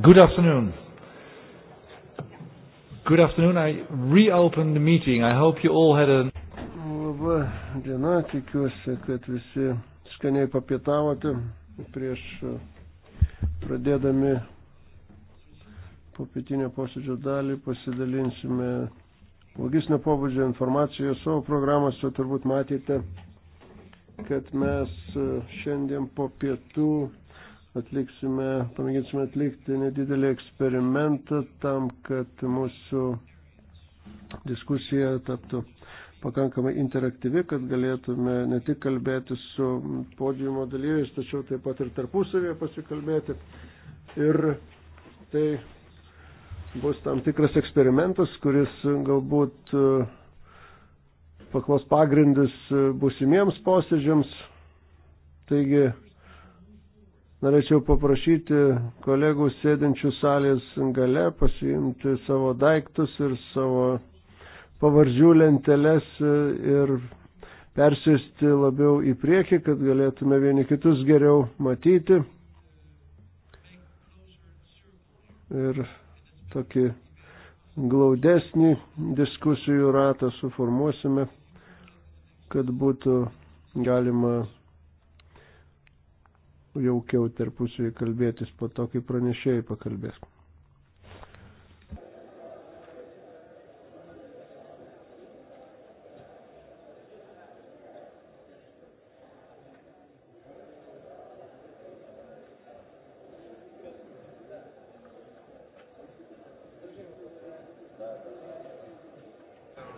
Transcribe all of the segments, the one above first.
Good afternoon. Good afternoon. I reopened the meeting. I hope you all had a. Labą dieną, tikiuosi, kad visi skaniai papietavote prieš e, pradėdami popietinio posėdžio dalį pasidalinsime logistinio pobūdžio informaciją savo programose, turbūt matėte, kad mes e, šiandien po pietų atliksime, pamėginsime atlikti nedidelį eksperimentą tam, kad mūsų diskusija taptų pakankamai interaktyvi, kad galėtume ne tik kalbėti su podiumo dalyviais, tačiau taip pat ir tarpusavėje pasikalbėti. Ir tai bus tam tikras eksperimentas, kuris galbūt eh, paklos pagrindis eh, būsimiems posėdžiams. Taigi Norėčiau paprašyti kolegų sėdinčių salės gale pasiimti savo daiktus ir savo pavardžių lenteles ir persėsti labiau į priekį, kad galėtume vieni kitus geriau matyti. Ir tokį glaudesnį diskusijų ratą suformuosime, kad būtų galima jaukiau tarpusavį kalbėtis po to, kai pranešėjai pakalbės.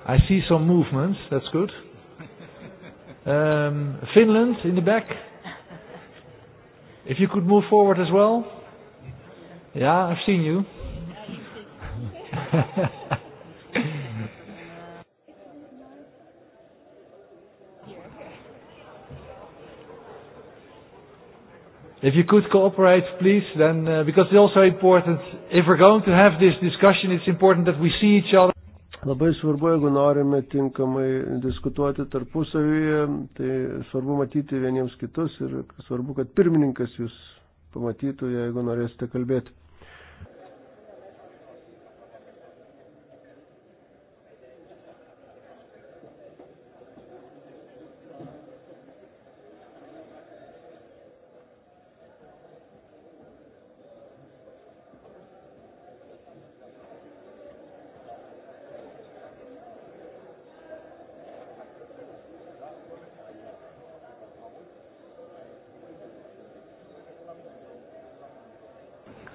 I see some movements. That's good. Um, Finland in the back. If you could move forward as well. Yeah, I've seen you. if you could cooperate, please, then, uh, because it's also important, if we're going to have this discussion, it's important that we see each other. Labai svarbu, jeigu norime tinkamai diskutuoti tarpusavyje, tai svarbu matyti vieniems kitus ir svarbu, kad pirmininkas jūs pamatytų, jeigu norėsite kalbėti.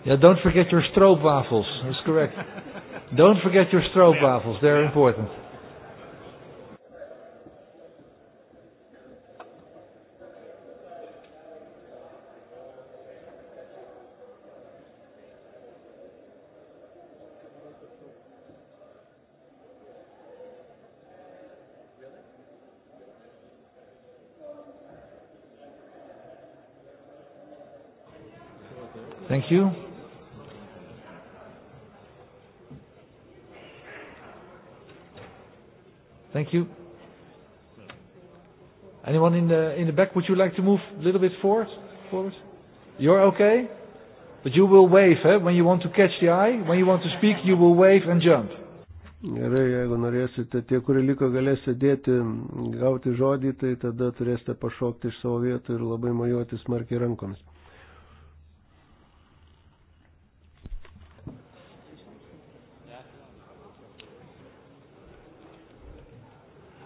Yeah, don't forget your stroopwafels. That's correct. don't forget your stroopwafels. They're important. you like to move a little bit forward? forward? You're okay? But you will wave, eh? When you want to catch the eye, when you want to speak, you will wave and jump. Gerai, jeigu norėsite, tie, kurie liko, galės sėdėti, gauti žodį, tai tada turėsite pašokti iš savo vietų ir labai mojuoti smarkiai rankomis.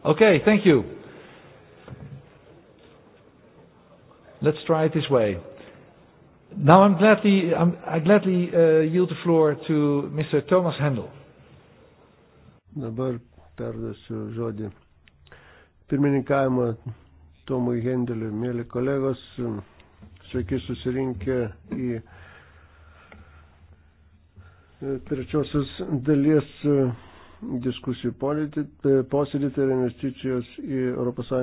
Okay, thank you. Let's try it this way. Now I'm gladly, I'm, I gladly uh, yield the floor to Mr. Thomas Handel. Dabar perdasiu žodį pirmininkavimą Tomui Hendeliui. Mėly kolegos, sveiki susirinkę į trečiosios dalies diskusijų posėdį, tai yra investicijos į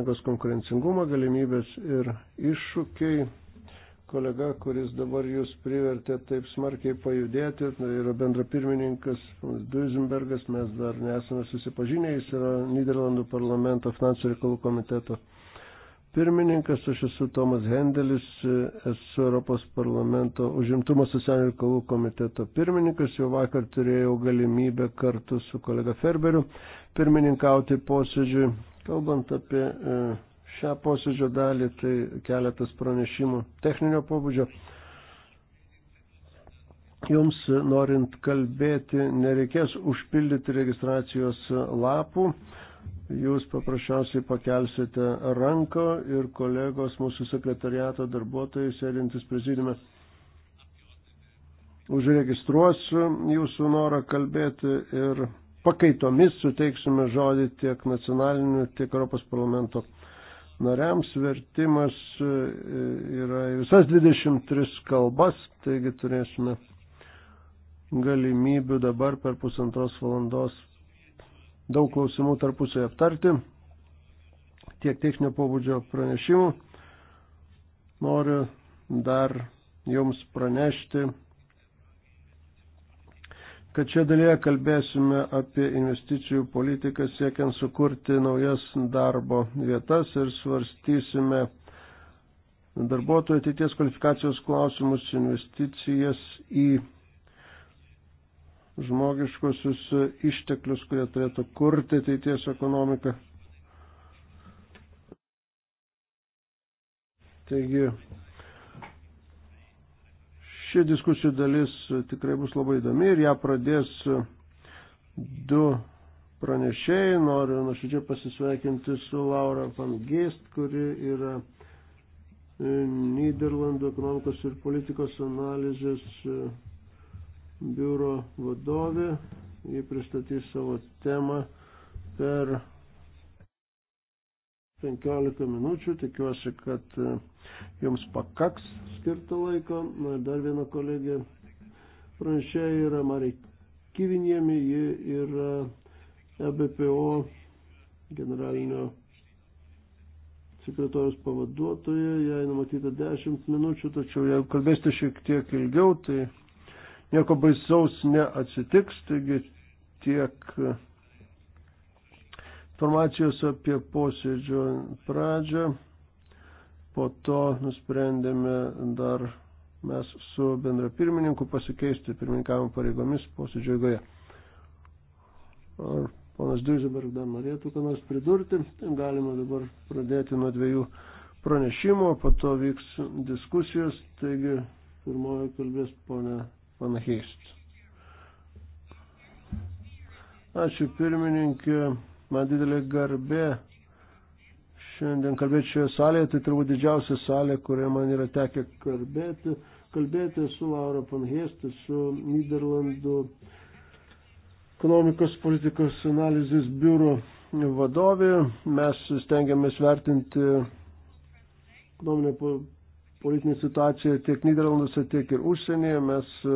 ES konkurencingumą, galimybės ir iššūkiai. Kolega, kuris dabar jūs privertė taip smarkiai pajudėti, tai yra bendra pirmininkas Duisenbergas, mes dar nesame susipažinę, jis yra Niderlandų parlamento finansų reikalų komiteto pirmininkas, aš esu Tomas Hendelis, esu Europos parlamento užimtumo socialinių reikalų komiteto pirmininkas, jau vakar turėjau galimybę kartu su kolega Ferberiu pirmininkauti posėdžiui. Kalbant apie e, šią posėdžio dalį, tai keletas pranešimų techninio pobūdžio. Jums norint kalbėti nereikės užpildyti registracijos lapų, jūs paprasčiausiai pakelsite ranką ir kolegos mūsų sekretariato darbuotojai sėdintis prezidime užregistruos jūsų norą kalbėti ir pakaitomis suteiksime žodį tiek nacionaliniu, tiek Europos parlamento nariams. Vertimas e, yra visas 23 kalbas, taigi turėsime galimybių dabar per pusantros valandos daug klausimų tarpusai aptarti, tiek techninio pobūdžio pranešimų. Noriu dar jums pranešti, kad čia dalyje kalbėsime apie investicijų politiką siekiant sukurti naujas darbo vietas ir svarstysime darbuotojų ateities kvalifikacijos klausimus, investicijas į žmogiškusius e, išteklius, kurie turėtų kurti ateities ekonomiką. Taigi, ši diskusijų dalis e, tikrai bus labai įdomi ir ją pradės e, du pranešėjai. Noriu nuoširdžiai pasisveikinti su Laura van Geest, kuri yra Niderlandų ekonomikos ir politikos analizės biuro vadovė. Ji pristatys savo temą per 15 minučių. Tikiuosi, kad e, jums pakaks skirto laiko. Na, dar viena kolegė pranešėja yra Marija Kivinėmi. Ji yra EBPO generalinio sekretorius pavaduotoja, jai numatyta 10 minučių, tačiau jeigu kalbėsite šiek tiek ilgiau, tai nieko baisaus neatsitiks, taigi tiek informacijos apie posėdžio pradžią. Po to nusprendėme dar mes su bendrapirmininku pasikeisti pirmininkavimo pareigomis posėdžio eigoje. Ar ponas Duiseberg dar norėtų ką nors pridurti? Tai galima dabar pradėti nuo dviejų pranešimų, po to vyks diskusijos. Taigi, pirmoji kalbės ponė Van Heist. Ačiū pirmininkė, man didelė garbė šiandien kalbėti šioje salėje, tai turbūt didžiausia salė, kurioje man yra tekę kalbėti. Kalbėti su Laura Panhėsti, su Niderlandų ekonomikos politikos analizės biuro vadovė. Mes stengiamės vertinti ekonominę politinė situacija tiek Niderlanduose, tiek ir užsienyje. Mes e,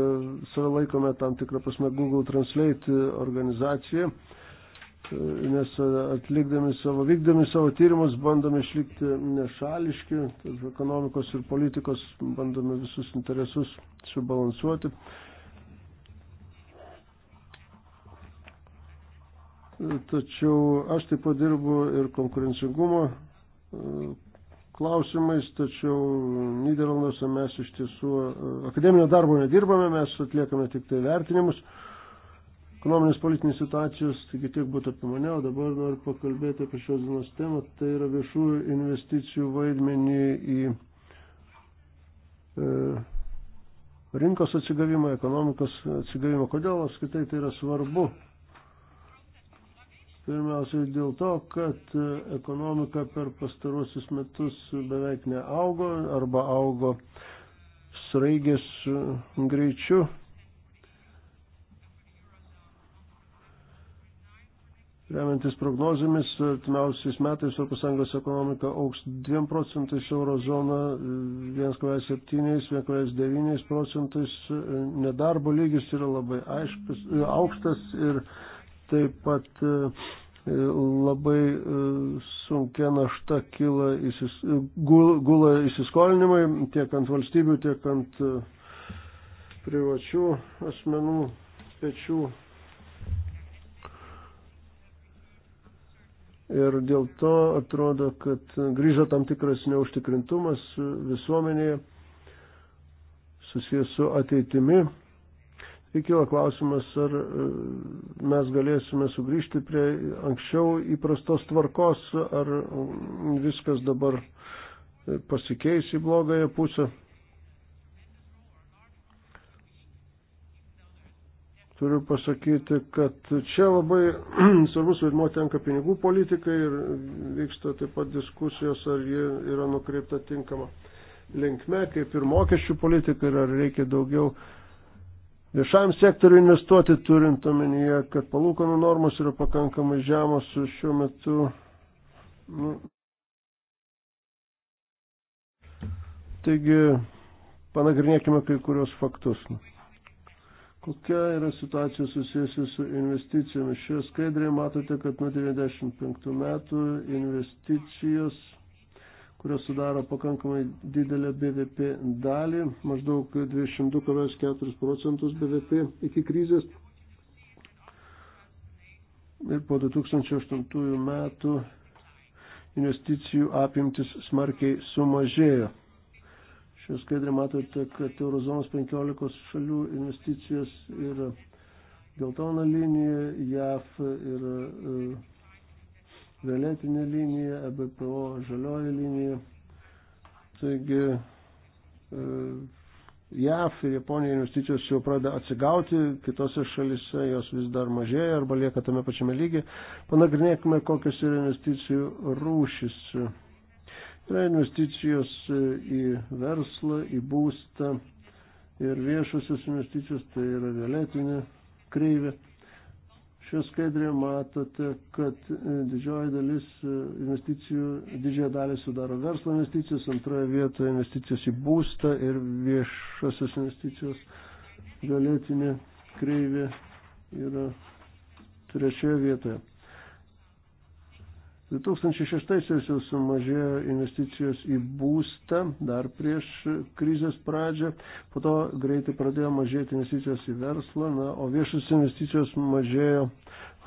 save laikome tam tikrą prasme Google Translate organizaciją, e, nes atlikdami savo, vykdami savo tyrimus, bandome išlikti nešališki, ekonomikos ir politikos, bandome visus interesus subalansuoti. Tačiau aš taip pat dirbu ir konkurencingumo e, klausimais, tačiau Niderlanduose mes iš tiesų e, akademinio darbo nedirbame, mes atliekame tik tai vertinimus ekonominės politinės situacijos, taigi tiek būtų apie mane, o dabar noriu pakalbėti apie šios dienos temą, tai yra viešųjų investicijų vaidmenį į e, rinkos atsigavimą, ekonomikos atsigavimą. Kodėl apskaitai tai yra svarbu? Pirmiausia dėl to, kad e, ekonomika per pastaruosius metus beveik neaugo arba augo sraigės e, greičiu. Remiantis prognozėmis, artimiausiais metais ES ekonomika auks 2 procentais, eurozona 1,7-1,9 procentais, nedarbo lygis yra labai aiškus, e, aukštas ir Taip pat e, labai e, sunkia našta kyla, įsis, gula įsiskolinimai tiek ant valstybių, tiek ant e, privačių asmenų pečių. Ir dėl to atrodo, kad grįžo tam tikras neužtikrintumas visuomenėje susijęs su ateitimi. Įkilo klausimas, ar e, mes galėsime sugrįžti prie anksčiau įprastos tvarkos, ar viskas dabar e, pasikeis į blogąją pusę. Turiu pasakyti, kad čia labai svarbus vaidmo tenka pinigų politikai ir vyksta taip pat diskusijos, ar ji yra nukreipta tinkama linkme, kaip ir mokesčių politika, ir ar reikia daugiau viešam sektoriu investuoti, turint omenyje, kad palūkanų normos yra pakankamai žemos šiuo metu. Nu. Taigi, panagrinėkime kai kurios faktus. Kokia yra situacija susijusi su investicijomis? Šioje skaidrėje matote, kad nuo 95 metų investicijos kurios sudaro pakankamai didelę BVP dalį, maždaug 202,4 procentus BVP iki krizės. Ir po 2008 metų investicijų apimtis smarkiai sumažėjo. Šią skaidrį matote, kad Eurozonos 15 šalių investicijos yra geltona linija, JAF yra violetinė linija, EBPO žalioji linija. Taigi e, JAF ir Japonija investicijos jau pradeda atsigauti, kitose šalise jos vis dar mažėja arba lieka tame pačiame lygiai. Panagrinėkime, kokios yra investicijų rūšis. Yra investicijos į verslą, į būstą ir viešosios investicijos, tai yra violetinė kreivė. Šią skaidrę matote, kad e, didžioji dalis e, investicijų, didžiąją dalį sudaro verslo investicijos, antroje vietoje investicijos į būstą ir viešosios investicijos galėtinė kreivė yra trečioje vietoje. 2006 jau sumažėjo investicijos į būstą dar prieš krizės pradžią, po to greitai pradėjo mažėti investicijos į verslą, na, o viešas investicijos mažėjo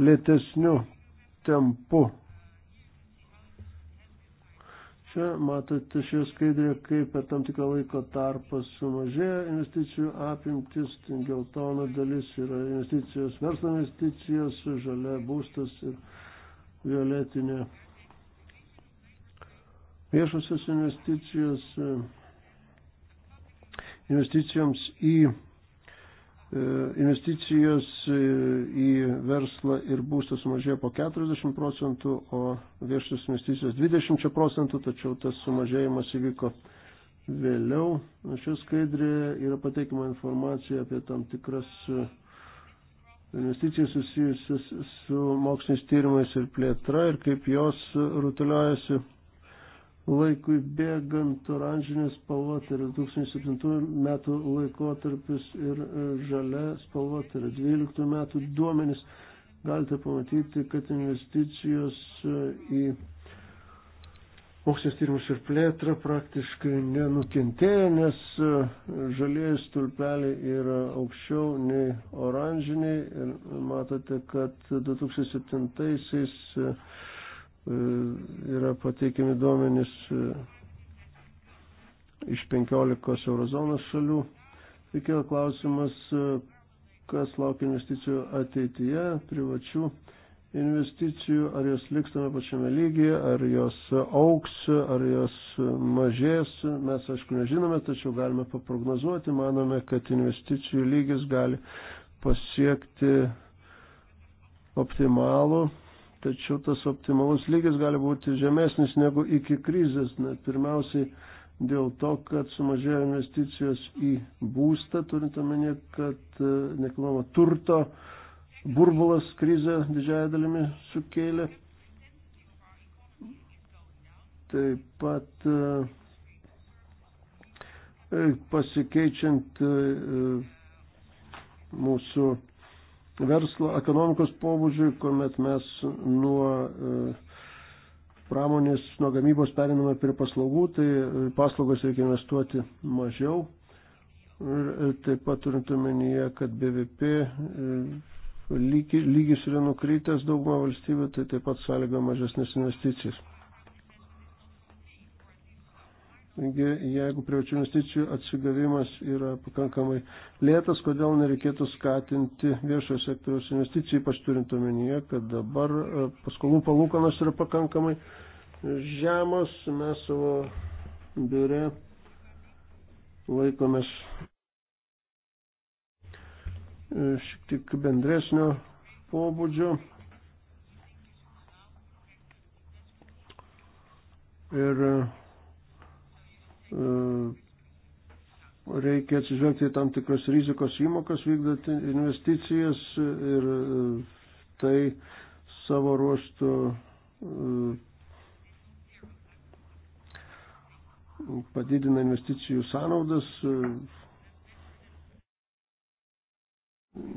lėtesniu tempu. Čia matote šioje skaidrėje, kaip per tam tikrą laiko tarpą sumažėjo investicijų apimtis, geltona dalis yra investicijos, verslo investicijos, žalia būstas ir violetinė. Viešosios investicijos e, investicijoms į e, investicijos e, į verslą ir būstą sumažėjo po 40 procentų, o viešas investicijos 20 procentų, tačiau tas sumažėjimas įvyko vėliau. Šioje skaidrėje yra pateikima informacija apie tam tikras investicijas susijusius su mokslinis tyrimais ir plėtra ir kaip jos rutuliojasi laikui bėgant oranžinė spalva, tai yra 2007 metų laikotarpis ir e, žalia spalva, tai yra 12 metų duomenis. Galite pamatyti, kad investicijos e, į mokslinis tyrimus ir plėtra praktiškai nenukentėjo, nes e, žalieji stulpeliai yra aukščiau nei oranžiniai ir matote, kad 2007-aisiais e, yra pateikiami duomenys e, iš 15 eurozonos šalių. Tikėjo klausimas, kas laukia investicijų ateityje, privačių investicijų, ar jos liks tame pačiame lygyje, ar jos auks, ar jos mažės, mes aišku nežinome, tačiau galime paprognozuoti, manome, kad investicijų lygis gali pasiekti optimalų, tačiau tas optimalus lygis gali būti žemesnis negu iki krizės, net pirmiausiai dėl to, kad sumažėjo investicijos į būstą, turint omenyje, kad e, nekilnojamo turto burbulas krizę didžiąją dalimi sukėlė. Taip pat e, e, pasikeičiant e, mūsų verslo ekonomikos pobūdžiui, kuomet mes nuo pramonės, nuo gamybos periname prie paslaugų, tai paslaugos reikia investuoti mažiau. Ir taip pat turint omenyje, kad BVP lygis yra nukrytęs daugumą valstybių, tai taip pat sąlyga mažesnės investicijas. Taigi, jeigu privačių investicijų atsigavimas yra pakankamai lėtas, kodėl nereikėtų skatinti viešojo sektoriaus investicijų, ypač turint omenyje, kad dabar e, paskolų palūkanos yra pakankamai žemos, mes savo biure laikomės šiek tiek bendresnio pobūdžio. Ir e, reikia atsižvelgti į tam tikras rizikos įmokas vykdant investicijas ir e, tai savo ruoštų e, padidina investicijų sąnaudas,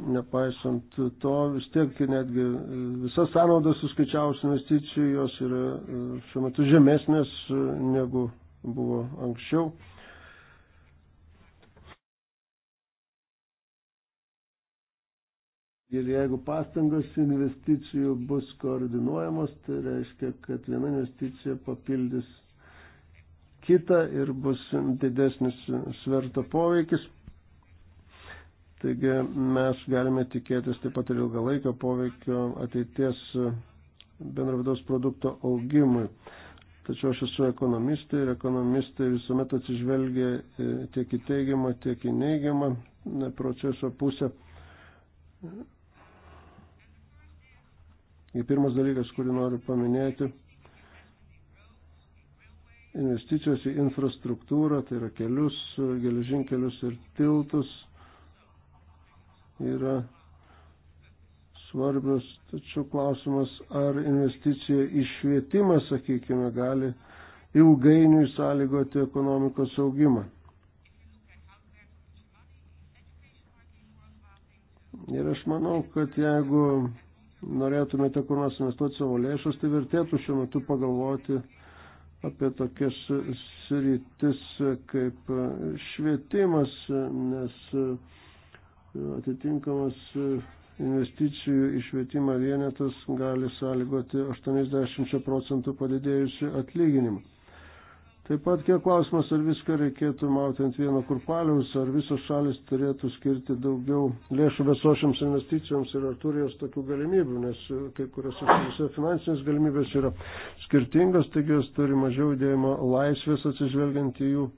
nepaisant to, vis tiek netgi e, visas sąnaudas suskaičiavus investicijų, jos yra e, šiuo metu žemesnės e, negu buvo anksčiau. Ir jeigu pastangos investicijų bus koordinuojamos, tai reiškia, kad viena investicija papildys kitą ir bus didesnis sverto poveikis. Taigi mes galime tikėtis taip pat ir ilgalaikio poveikio ateities bendravidaus produkto augimui. Tačiau aš esu ekonomistė ir ekonomistai visuomet atsižvelgia e, tiek į teigiamą, tiek į neigiamą e, proceso pusę. Ir pirmas dalykas, kurį noriu paminėti, investicijos į infrastruktūrą, tai yra kelius, geležinkelius ir tiltus yra svarbios, tačiau klausimas, ar investicija į švietimą, sakykime, gali ilgainiui sąlygoti ekonomikos augimą. Ir aš manau, kad jeigu norėtumėte kur nors investuoti savo lėšas, tai vertėtų šiuo metu pagalvoti apie tokias sritis kaip švietimas, nes Atitinkamas e, investicijų išvietimą vienetas gali sąlygoti 80 procentų padidėjusių atlyginimų. Taip pat kiek klausimas, ar viską reikėtų mauti ant vieno kurpaliaus, ar visos šalis turėtų skirti daugiau lėšų visošiams investicijoms ir ar turi jos tokių galimybių, nes e, kai kuriuose šalise finansinės galimybės yra skirtingos, taigi jos turi mažiau dėjimo laisvės atsižvelgiant į jų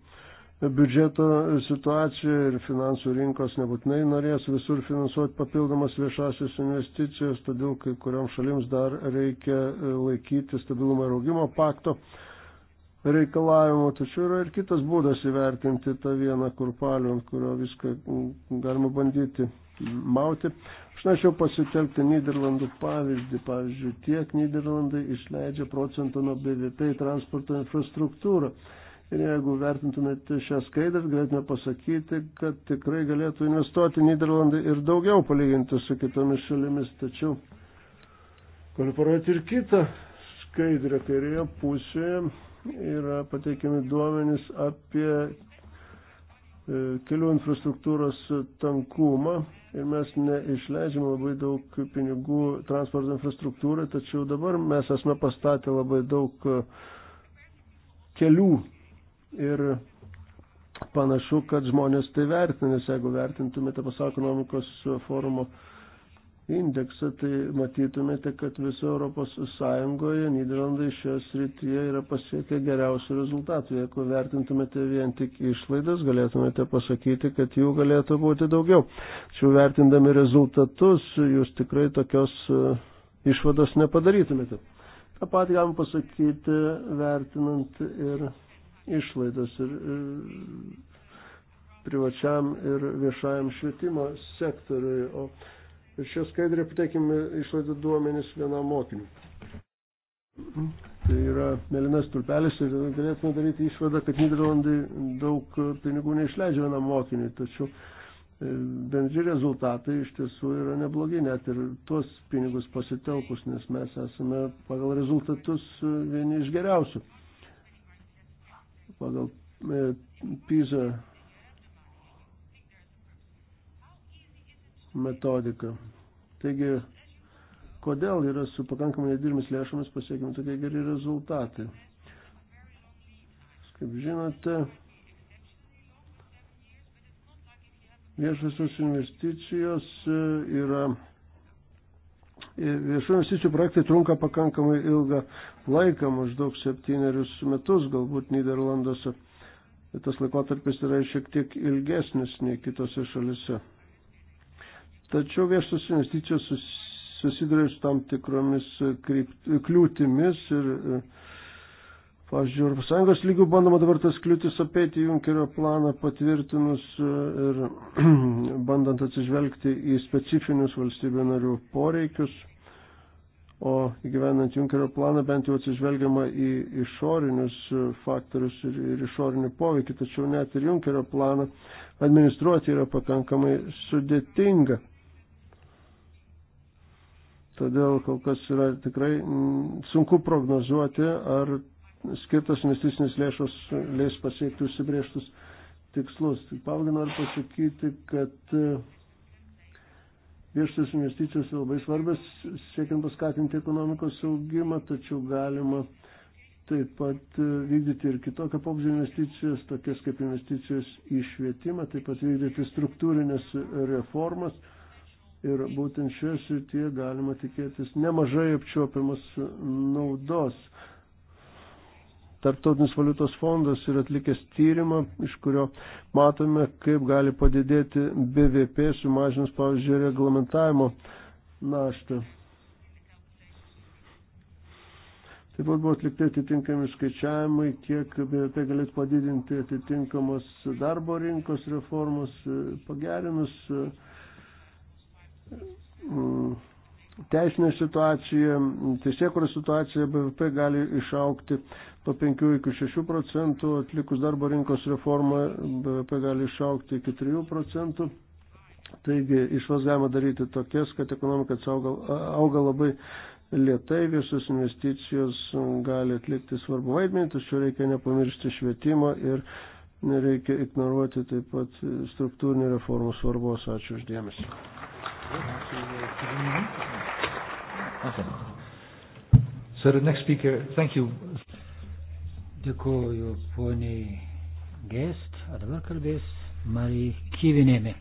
biudžeto situacija ir finansų rinkos nebūtinai norės visur finansuoti papildomas viešasias investicijas, todėl kai kuriam šalims dar reikia e, laikyti stabilumo ir augimo pakto reikalavimų, tačiau yra ir kitas būdas įvertinti tą vieną kurpalių, ant kurio viską galima bandyti mauti. Aš norėčiau pasitelkti Niderlandų pavyzdį. Pavyzdžiui, tiek Niderlandai išleidžia procentą nuo BVP į transporto infrastruktūrą Ir jeigu vertintumėte šią skaidrą, galėtume pasakyti, kad tikrai galėtų investuoti Niderlandai ir daugiau palyginti su kitomis šalimis. Tačiau galiu parodyti ir kitą skaidrę. Kairėje pusėje yra pateikiami duomenys apie e, kelių infrastruktūros tankumą ir mes neišleidžiame labai daug pinigų transporto infrastruktūrai, tačiau dabar mes esame pastatę labai daug e, kelių ir panašu, kad žmonės tai vertina, nes jeigu vertintumėte pasaulio ekonomikos forumo indeksą, tai matytumėte, kad viso Europos Sąjungoje Niderlandai šioje srityje yra pasiekę geriausių rezultatų. Jeigu vertintumėte vien tik išlaidas, galėtumėte pasakyti, kad jų galėtų būti daugiau. Tačiau vertindami rezultatus, jūs tikrai tokios e, išvados nepadarytumėte. Ta pat galim pasakyti, vertinant ir išlaidas ir, ir privačiam ir viešajam švietimo sektoriui. O šią skaidrę pateikime išlaidų duomenis vienam mokiniui. Tai yra melinas tulpelis ir galėtume daryti išvadą, kad Niderlandai daug pinigų neišleidžia vienam mokiniui, tačiau e, bendri rezultatai iš tiesų yra neblogi, net ir tuos pinigus pasitelkus, nes mes esame pagal rezultatus e, vieni iš geriausių pagal e, PISA metodiką. Taigi, kodėl yra su pakankamai nedirbimis lėšomis pasiekimi tokie geri rezultatai. Kaip žinote, viešosios investicijos e, yra, e, viešų investicijų projektai trunka pakankamai ilgą laiką, maždaug septynerius metus, galbūt Niderlanduose. Tas laikotarpis yra šiek tiek ilgesnis nei kitose šalise. Tačiau viešos investicijos susiduria su tam tikromis kliūtimis ir, pavyzdžiui, Europos Sąjungos lygių bandoma dabar tas kliūtis apeiti Junkerio planą patvirtinus ir bandant atsižvelgti į specifinius valstybių narių poreikius o įgyvenant Junkerio planą bent jau atsižvelgiama į išorinius faktorius ir, ir išorinį poveikį, tačiau net ir Junkerio planą administruoti yra pakankamai sudėtinga. Todėl kol kas yra tikrai mm, sunku prognozuoti, ar skirtas investicinis lėšos leis pasiekti užsibrieštus tikslus. Tik pabaigai noriu pasakyti, kad Viešas investicijos yra labai svarbės, siekiant paskatinti ekonomikos augimą, tačiau galima taip pat e, vykdyti ir kitokią pobūdžio investicijas, tokias kaip investicijos į švietimą, taip pat vykdyti struktūrinės reformas. Ir būtent šioje srityje galima tikėtis nemažai apčiopiamas naudos. Tartautinis valiutos fondas yra atlikęs tyrimą, iš kurio matome, kaip gali padidėti BVP sumažinus, pavyzdžiui, reglamentavimo naštą. Taip pat buvo atlikti atitinkami skaičiavimai, kiek BVP galėtų padidinti atitinkamos darbo rinkos reformos, pagerinus mm, teisinė situacija, teisėkuros situacija BVP gali išaukti nuo 5 iki 6 procentų, atlikus darbo rinkos reformą BVP gali išaukti iki 3 procentų. Taigi išvas galima daryti tokias, kad ekonomika auga, auga labai lietai, visos investicijos gali atlikti svarbu vaidmenį, tačiau reikia nepamiršti švietimo ir nereikia ignoruoti taip pat struktūrinių reformų svarbos. Ačiū uždėmesi. So the next speaker, thank you. Dėkuoju poniai Gest, o dabar kalbės Marija Kyvinėmi.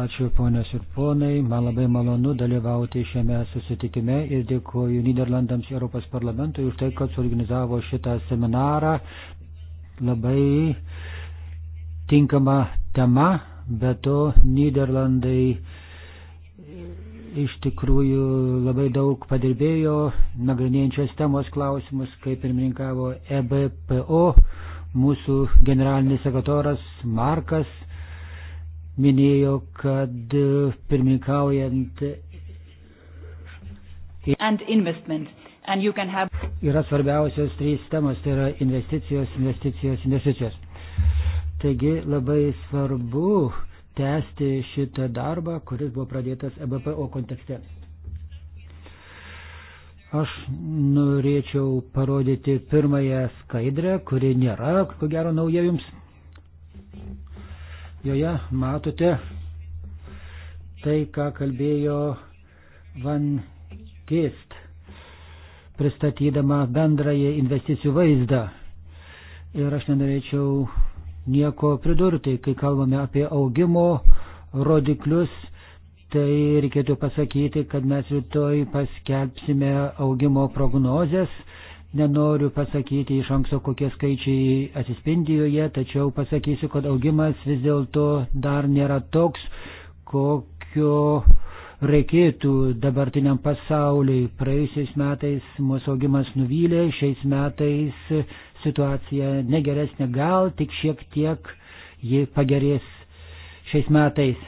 Ačiū ponios ir ponai, man labai malonu dalyvauti šiame susitikime ir dėkuoju Niderlandams Europos parlamentui už tai, kad suorganizavo šitą seminarą. Labai tinkama tema, bet to Niderlandai iš tikrųjų labai daug padirbėjo, nagrinėjančios temos klausimus, kaip pirmininkavo EBPO, mūsų generalinis sekretoras Markas minėjo, kad pirmininkaujant And investment. And you can have... yra svarbiausios trys temos, tai yra investicijos, investicijos, investicijos. Taigi labai svarbu tęsti šitą darbą, kuris buvo pradėtas EBPO kontekste. Aš norėčiau parodyti pirmąją skaidrę, kuri nėra, ko gero, nauja jums. Joje matote tai, ką kalbėjo Van Kist, pristatydama bendrąją investicijų vaizdą. Ir aš nenorėčiau nieko pridurti. Tai kai kalbame apie augimo rodiklius, tai reikėtų pasakyti, kad mes rytoj paskelbsime augimo prognozes. Nenoriu pasakyti iš anksto, kokie skaičiai atsispindi joje, tačiau pasakysiu, kad augimas vis dėlto dar nėra toks, kokio reikėtų dabartiniam pasauliui. Praėjusiais metais mūsų augimas nuvylė, šiais metais situacija negeresnė, gal tik šiek tiek ji pagerės šiais metais.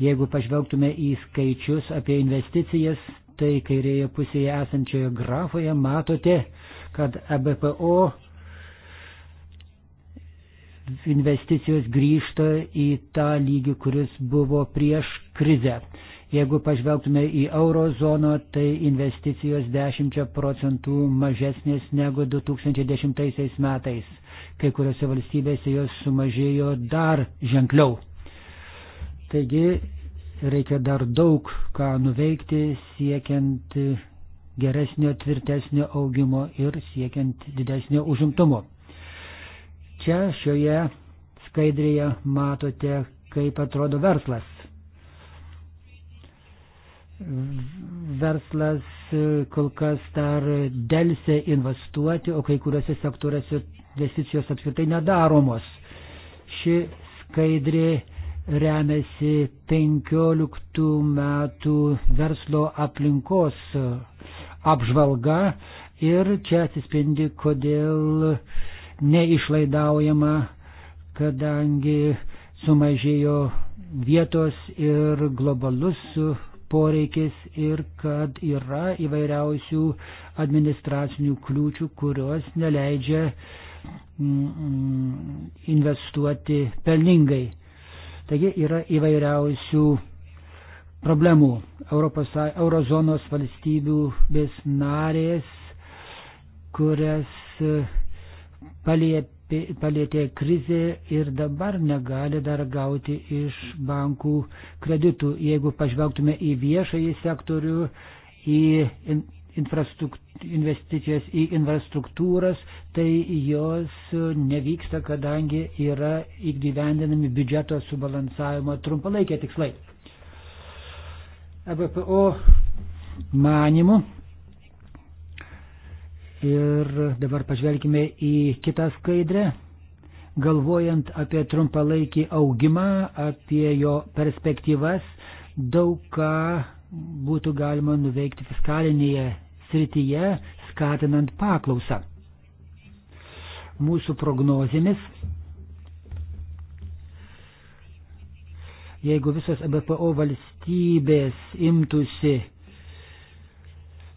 Jeigu pažvelgtume į skaičius apie investicijas, tai kairėje pusėje esančioje grafoje matote, kad ABPO investicijos grįžta į tą lygį, kuris buvo prieš krizę. Jeigu pažvelgtume į eurozoną, tai investicijos 10 procentų mažesnės negu 2010 metais. Kai kuriuose valstybėse jos sumažėjo dar ženkliau. Taigi reikia dar daug ką nuveikti siekiant geresnio, tvirtesnio augimo ir siekiant didesnio užimtumo. Čia šioje skaidrėje matote, kaip atrodo verslas verslas e, kol kas dar dėlse investuoti, o kai kuriuose sektoriuose investicijos apskritai nedaromos. Ši skaidrė remiasi 15 metų verslo aplinkos apžvalga ir čia atsispindi, kodėl neišlaidaujama, kadangi sumažėjo vietos ir globalus poreikis ir kad yra įvairiausių administracinių kliūčių, kurios neleidžia mm, mm, investuoti pelningai. Taigi yra įvairiausių problemų. Europos, Eurozonos valstybių vis narės, kurias e, paliep, palėtė krizė ir dabar negali dar gauti iš bankų kreditų. Jeigu pažvelgtume į viešąjį sektorių, į investicijas, į infrastruktūras, tai jos nevyksta, kadangi yra įgyvendinami biudžeto subalansavimo trumpalaikė tikslai. EBPO manimu Ir dabar pažvelkime į kitą skaidrę. Galvojant apie trumpalaikį augimą, apie jo perspektyvas, daug ką būtų galima nuveikti fiskalinėje srityje, skatinant paklausą. Mūsų prognozėmis, jeigu visos ABPO valstybės imtųsi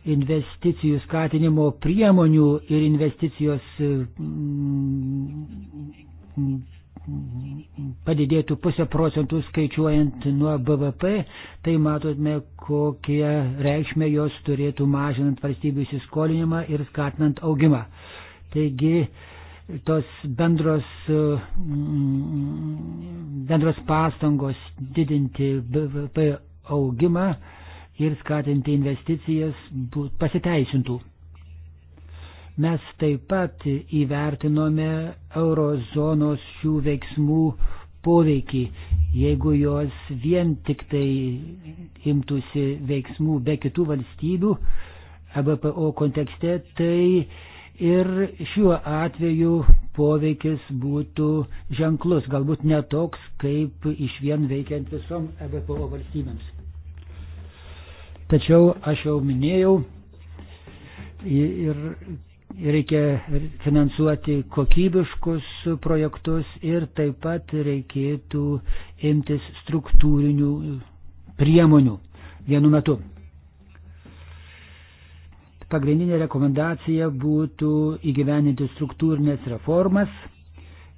investicijų skatinimo priemonių ir investicijos mm, padidėtų pusę procentų skaičiuojant nuo BVP, tai matome, kokią reikšmę jos turėtų mažinant valstybių įsiskolinimą ir skatinant augimą. Taigi, tos bendros, mm, bendros pastangos didinti BVP augimą ir skatinti investicijas pasiteisintų. Mes taip pat įvertinome eurozonos šių veiksmų poveikį, jeigu jos vien tik tai imtųsi veiksmų be kitų valstybių ABPO e kontekste, tai ir šiuo atveju poveikis būtų ženklus, galbūt netoks, kaip iš vien veikiant visom ABPO e valstybėms. Tačiau aš jau minėjau ir reikia finansuoti kokybiškus projektus ir taip pat reikėtų imtis struktūrinių priemonių vienu metu. Pagrindinė rekomendacija būtų įgyveninti struktūrinės reformas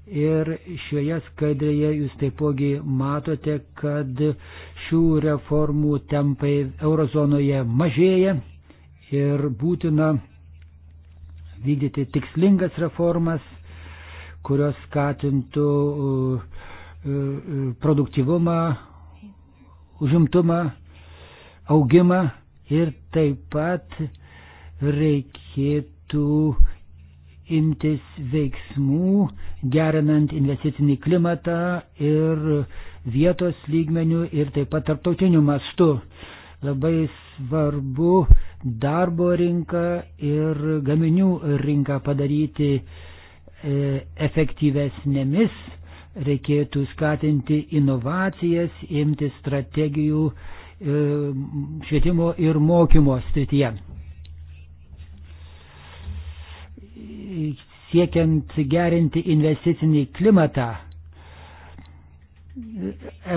Ir šioje skaidrėje jūs taipogi matote, kad šių reformų tempai eurozonoje mažėja ir būtina vykdyti tikslingas reformas, kurios skatintų uh, uh, uh, produktivumą, užimtumą, augimą ir taip pat reikėtų imtis veiksmų, gerinant investicinį klimatą ir vietos lygmenių ir taip pat tarptautiniu mastu. Labai svarbu darbo rinką ir gaminių rinką padaryti e, efektyvesnėmis, reikėtų skatinti inovacijas, imti strategijų e, švietimo ir mokymo srityje. siekiant gerinti investicinį klimatą.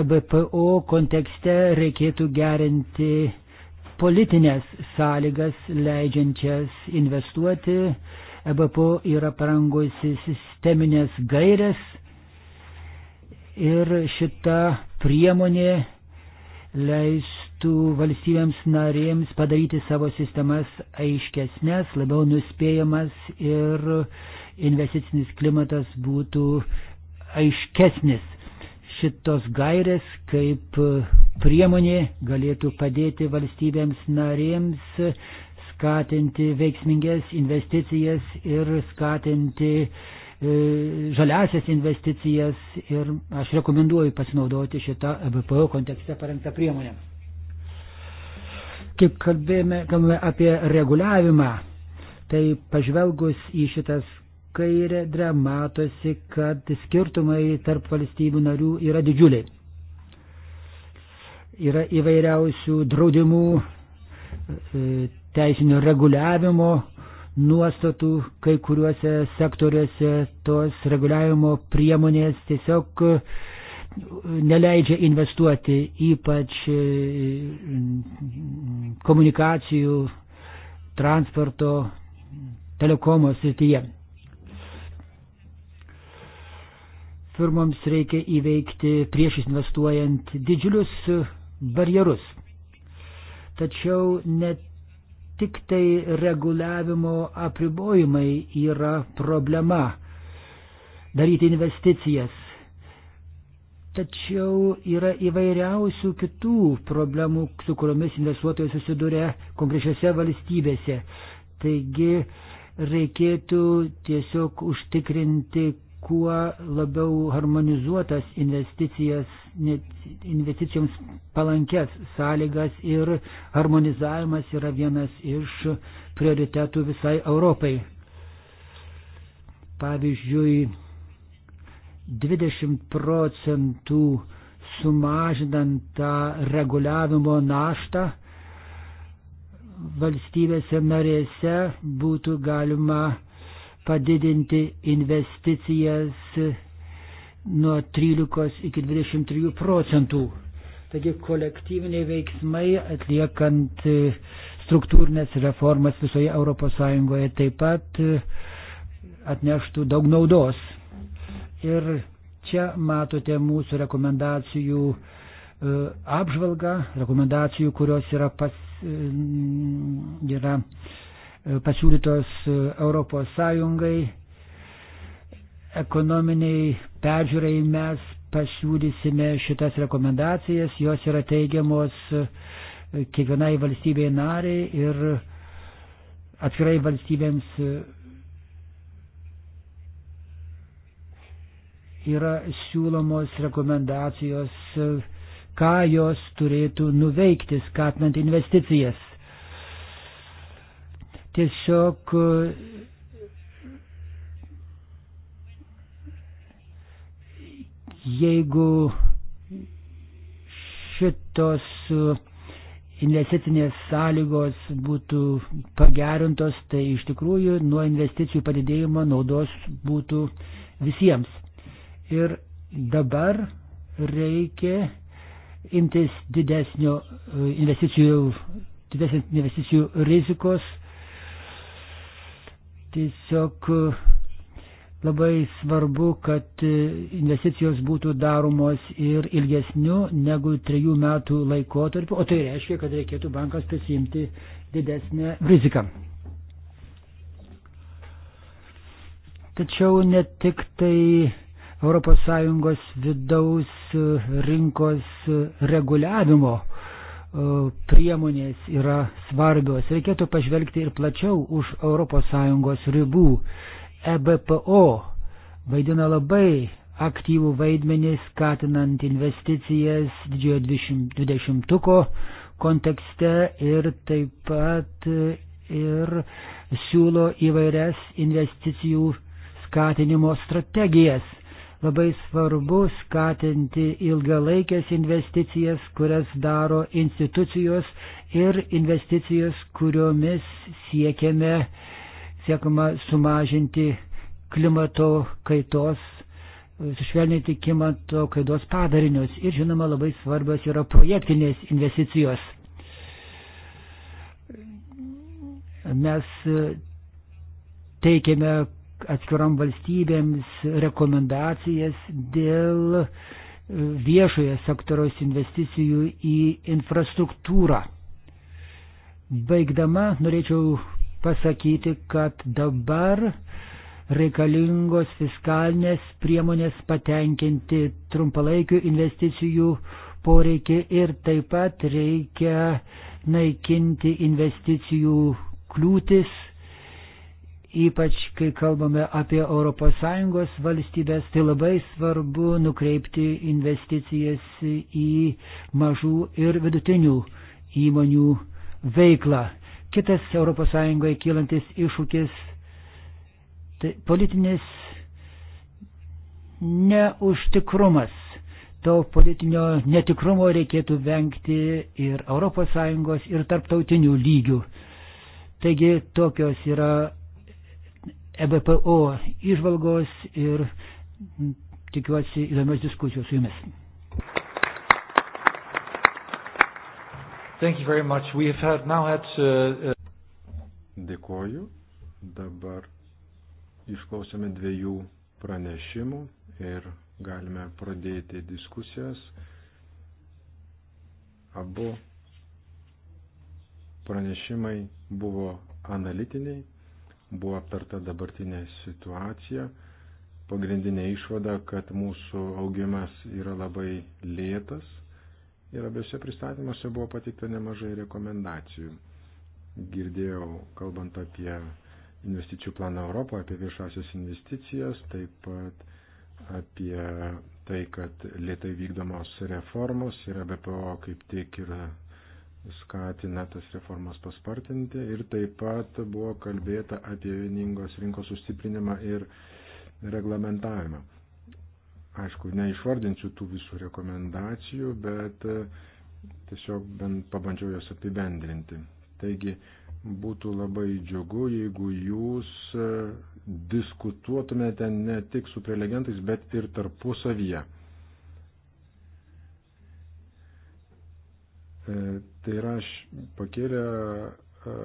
EBPO kontekste reikėtų gerinti politinės sąlygas leidžiančias investuoti. EBPO yra parangusi sisteminės gairės ir šita priemonė leistų valstybėms narėms padaryti savo sistemas aiškesnės, labiau nuspėjamas ir investicinis klimatas būtų aiškesnis. Šitos gairės kaip priemonė galėtų padėti valstybėms narėms skatinti veiksmingas investicijas ir skatinti e, žaliasias investicijas ir aš rekomenduoju pasinaudoti šitą EBPO kontekste parengtą priemonę. Kaip kalbėjome, kalbėjome apie reguliavimą, tai pažvelgus į šitas kairę matosi, kad skirtumai tarp valstybių narių yra didžiuliai. Yra įvairiausių draudimų, e, teisinio reguliavimo nuostatų, kai kuriuose sektoriuose tos reguliavimo priemonės tiesiog neleidžia investuoti, ypač e, komunikacijų, transporto, telekomo srityje. firmoms reikia įveikti prieš investuojant didžiulius barjerus. Tačiau net tik tai reguliavimo apribojimai yra problema daryti investicijas. Tačiau yra įvairiausių kitų problemų, su kuriomis investuotojai susiduria konkrečiose valstybėse. Taigi reikėtų tiesiog užtikrinti, kuo labiau harmonizuotas investicijas, investicijoms palankes sąlygas ir harmonizavimas yra vienas iš prioritetų visai Europai. Pavyzdžiui, 20 procentų sumažinant tą reguliavimo naštą valstybėse narėse būtų galima padidinti investicijas nuo 13 iki 23 procentų. Taigi kolektyviniai veiksmai atliekant e, struktūrinės reformas visoje ES taip pat e, atneštų daug naudos. Ir čia matote mūsų rekomendacijų e, apžvalgą, rekomendacijų, kurios yra, pas, yra pasiūlytos ES ekonominiai peržiūrai mes pasiūlysime šitas rekomendacijas, jos yra teigiamos e, kiekvienai valstybei nariai ir atskirai valstybėms e, yra siūlomos rekomendacijos, e, ką jos turėtų nuveikti, skatinant investicijas tiesiog jeigu šitos investicinės sąlygos būtų pagerintos, tai iš tikrųjų nuo investicijų padidėjimo naudos būtų visiems. Ir dabar reikia imtis didesnio e, investicijų, didesnės investicijų rizikos Tiesiog e, labai svarbu, kad e, investicijos būtų daromos ir ilgesniu negu trejų metų laikotarpiu, o tai reiškia, kad reikėtų bankas prisimti didesnę riziką. Tačiau ne tik tai ES vidaus e, rinkos reguliavimo E, priemonės yra svarbios. Reikėtų pažvelgti ir plačiau už ES ribų. EBPO vaidina labai aktyvų vaidmenį skatinant investicijas didžiojo 20-ko kontekste ir taip pat ir siūlo įvairias investicijų skatinimo strategijas. Labai svarbu skatinti ilgalaikės investicijas, kurias daro institucijos ir investicijos, kuriomis siekiame, siekama sumažinti klimato kaitos sušvelninti klimato kaidos padarinius ir žinoma labai svarbios yra projektinės investicijos. Mes teikiame atskirom valstybėms rekomendacijas dėl e, viešojo sektoriaus investicijų į infrastruktūrą. Baigdama norėčiau pasakyti, kad dabar reikalingos fiskalinės priemonės patenkinti trumpalaikių investicijų poreikį ir taip pat reikia naikinti investicijų kliūtis ypač kai kalbame apie ES valstybės, tai labai svarbu nukreipti investicijas į mažų ir vidutinių įmonių veiklą. Kitas ES kylantis iššūkis tai politinis neužtikrumas. To politinio netikrumo reikėtų vengti ir ES, ir tarptautinių lygių. Taigi tokios yra EBPO išvalgos ir tikiuosi įdomios diskusijos su jumis. Thank you very much. We have had now had. Uh, uh Dėkoju. Dabar išklausėme dviejų pranešimų ir galime pradėti diskusijas. Abu pranešimai buvo analitiniai, buvo aptarta dabartinė situacija. Pagrindinė išvada, kad mūsų augimas yra labai lėtas ir abiejose pristatymuose buvo pateikta nemažai rekomendacijų. Girdėjau, kalbant apie investicijų planą Europoje, apie viešasias investicijas, taip pat apie tai, kad lietai vykdomos reformos ir BPO kaip tik yra skatina tas reformas paspartinti ir taip pat buvo kalbėta apie vieningos rinkos sustiprinimą ir reglamentavimą. Aišku, neišvardinsiu tų visų rekomendacijų, bet e, tiesiog bent pabandžiau jas apibendrinti. Taigi, būtų labai džiugu, jeigu jūs e, diskutuotumėte ne tik su prelegentais, bet ir tarpusavyje. E, tai yra, aš pakėlė, e,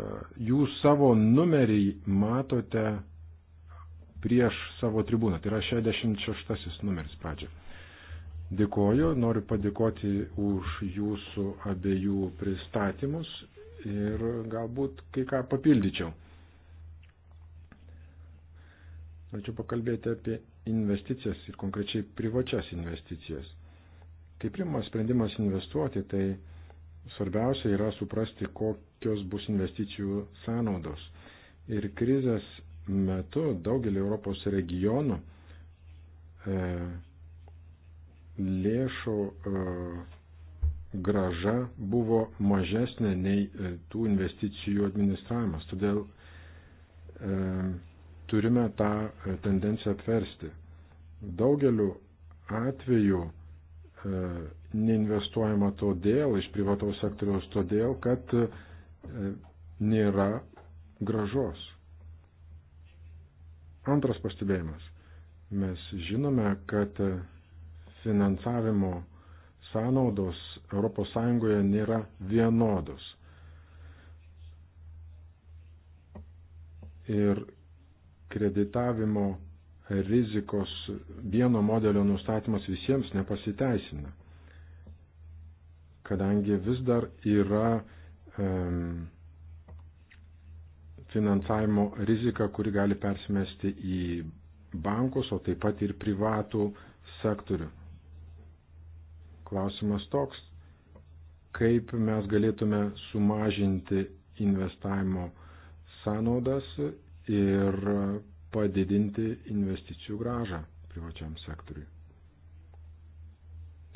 jūs savo numerį matote prieš savo tribūną. Tai yra 66 numeris pradžia. Dėkoju, noriu padėkoti už jūsų abiejų pristatymus ir galbūt kai ką papildyčiau. Norėčiau pakalbėti apie investicijas ir konkrečiai privačias investicijas. Kai primas sprendimas investuoti, tai Svarbiausia yra suprasti, kokios bus investicijų sąnaudos. Ir krizės metu daugelį Europos regionų e, lėšų e, graža buvo mažesnė nei e, tų investicijų administravimas. Todėl e, turime tą e, tendenciją apversti. Daugeliu atveju e, neinvestuojama todėl, iš privataus sektoriaus todėl, kad e, nėra gražos. Antras pastebėjimas. Mes žinome, kad e, finansavimo sąnaudos ES nėra vienodos. Ir kreditavimo rizikos vieno modelio nustatymas visiems nepasiteisina kadangi vis dar yra um, finansavimo rizika, kuri gali persimesti į bankus, o taip pat ir privatų sektorių. Klausimas toks, kaip mes galėtume sumažinti investavimo sąnaudas ir padidinti investicijų gražą privačiam sektoriui.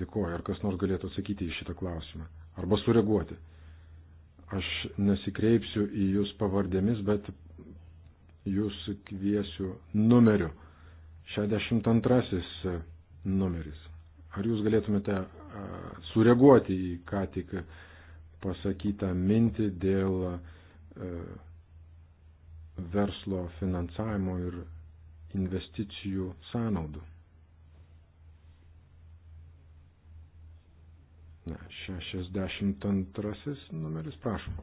Dėkuoju, ar kas nors galėtų atsakyti į šitą klausimą. Arba sureaguoti. Aš nesikreipsiu į jūs pavardėmis, bet jūs kviesiu numeriu. 62 e, numeris. Ar jūs galėtumėte e, sureaguoti į ką tik pasakytą mintį dėl e, verslo finansavimo ir investicijų sąnaudų? Ne, 62 numeris, prašom.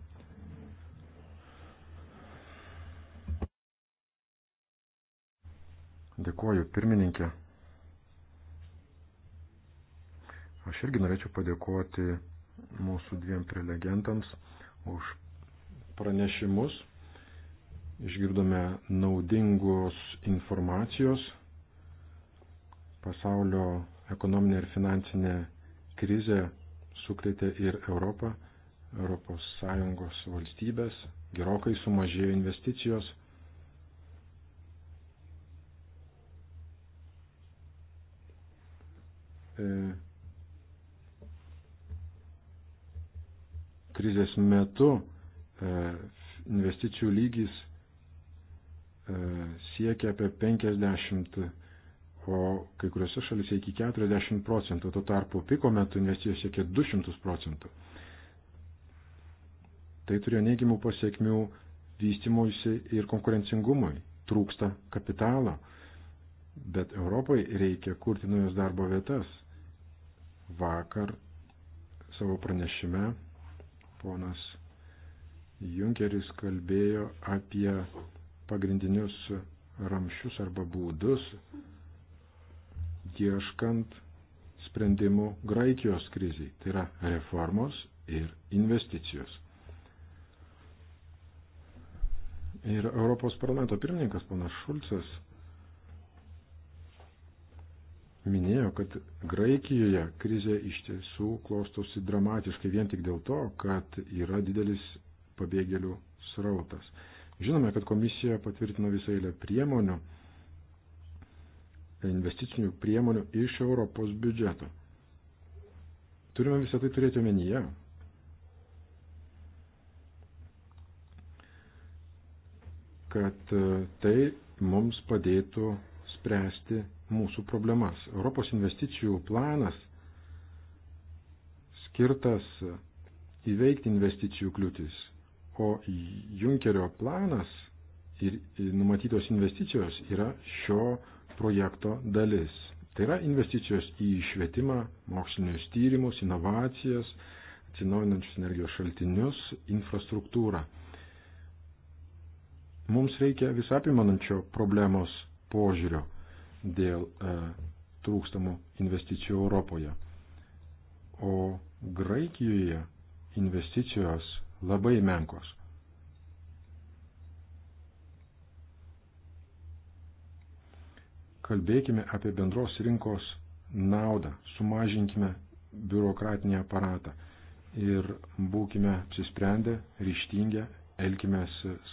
Dėkuoju, pirmininkė. Aš irgi norėčiau padėkoti mūsų dviem prelegentams už pranešimus. Išgirdome naudingos informacijos. Pasaulio ekonominė ir finansinė krizė sukrėtė ir Europą, ES valstybės, gerokai sumažėjo investicijos. E, krizės metu e, investicijų lygis e, siekia apie 50 o kai kuriuose šalise iki 40 procentų, tuo tarpu piko metu investicijos siekia 200 procentų. Tai turėjo neigiamų pasiekmių vystimuisi ir konkurencingumui, trūksta kapitalo, bet Europai reikia kurti naujas darbo vietas. Vakar savo pranešime ponas Junkeris kalbėjo apie pagrindinius ramšius arba būdus, ieškant sprendimų Graikijos kriziai. Tai yra reformos ir investicijos. Ir Europos parlamento pirmininkas panas Šulcas minėjo, kad Graikijoje krizė iš tiesų klostosi dramatiškai vien tik dėl to, kad yra didelis pabėgėlių srautas. Žinome, kad komisija patvirtino visą eilę priemonių, investicinių priemonių iš Europos biudžeto. Turime visą tai turėti omenyje. kad e, tai mums padėtų spręsti mūsų problemas. Europos investicijų planas skirtas įveikti investicijų kliūtis, o Junkerio planas ir numatytos investicijos yra šio projekto dalis. Tai yra investicijos į švietimą, mokslinius tyrimus, inovacijas, atsinaujinančius energijos šaltinius, infrastruktūrą. Mums reikia visapimanančio problemos požiūrio dėl e, trūkstamų investicijų Europoje. O Graikijoje investicijos labai menkos. kalbėkime apie bendros rinkos naudą, sumažinkime biurokratinį aparatą ir būkime apsisprendę, ryštingę, elkime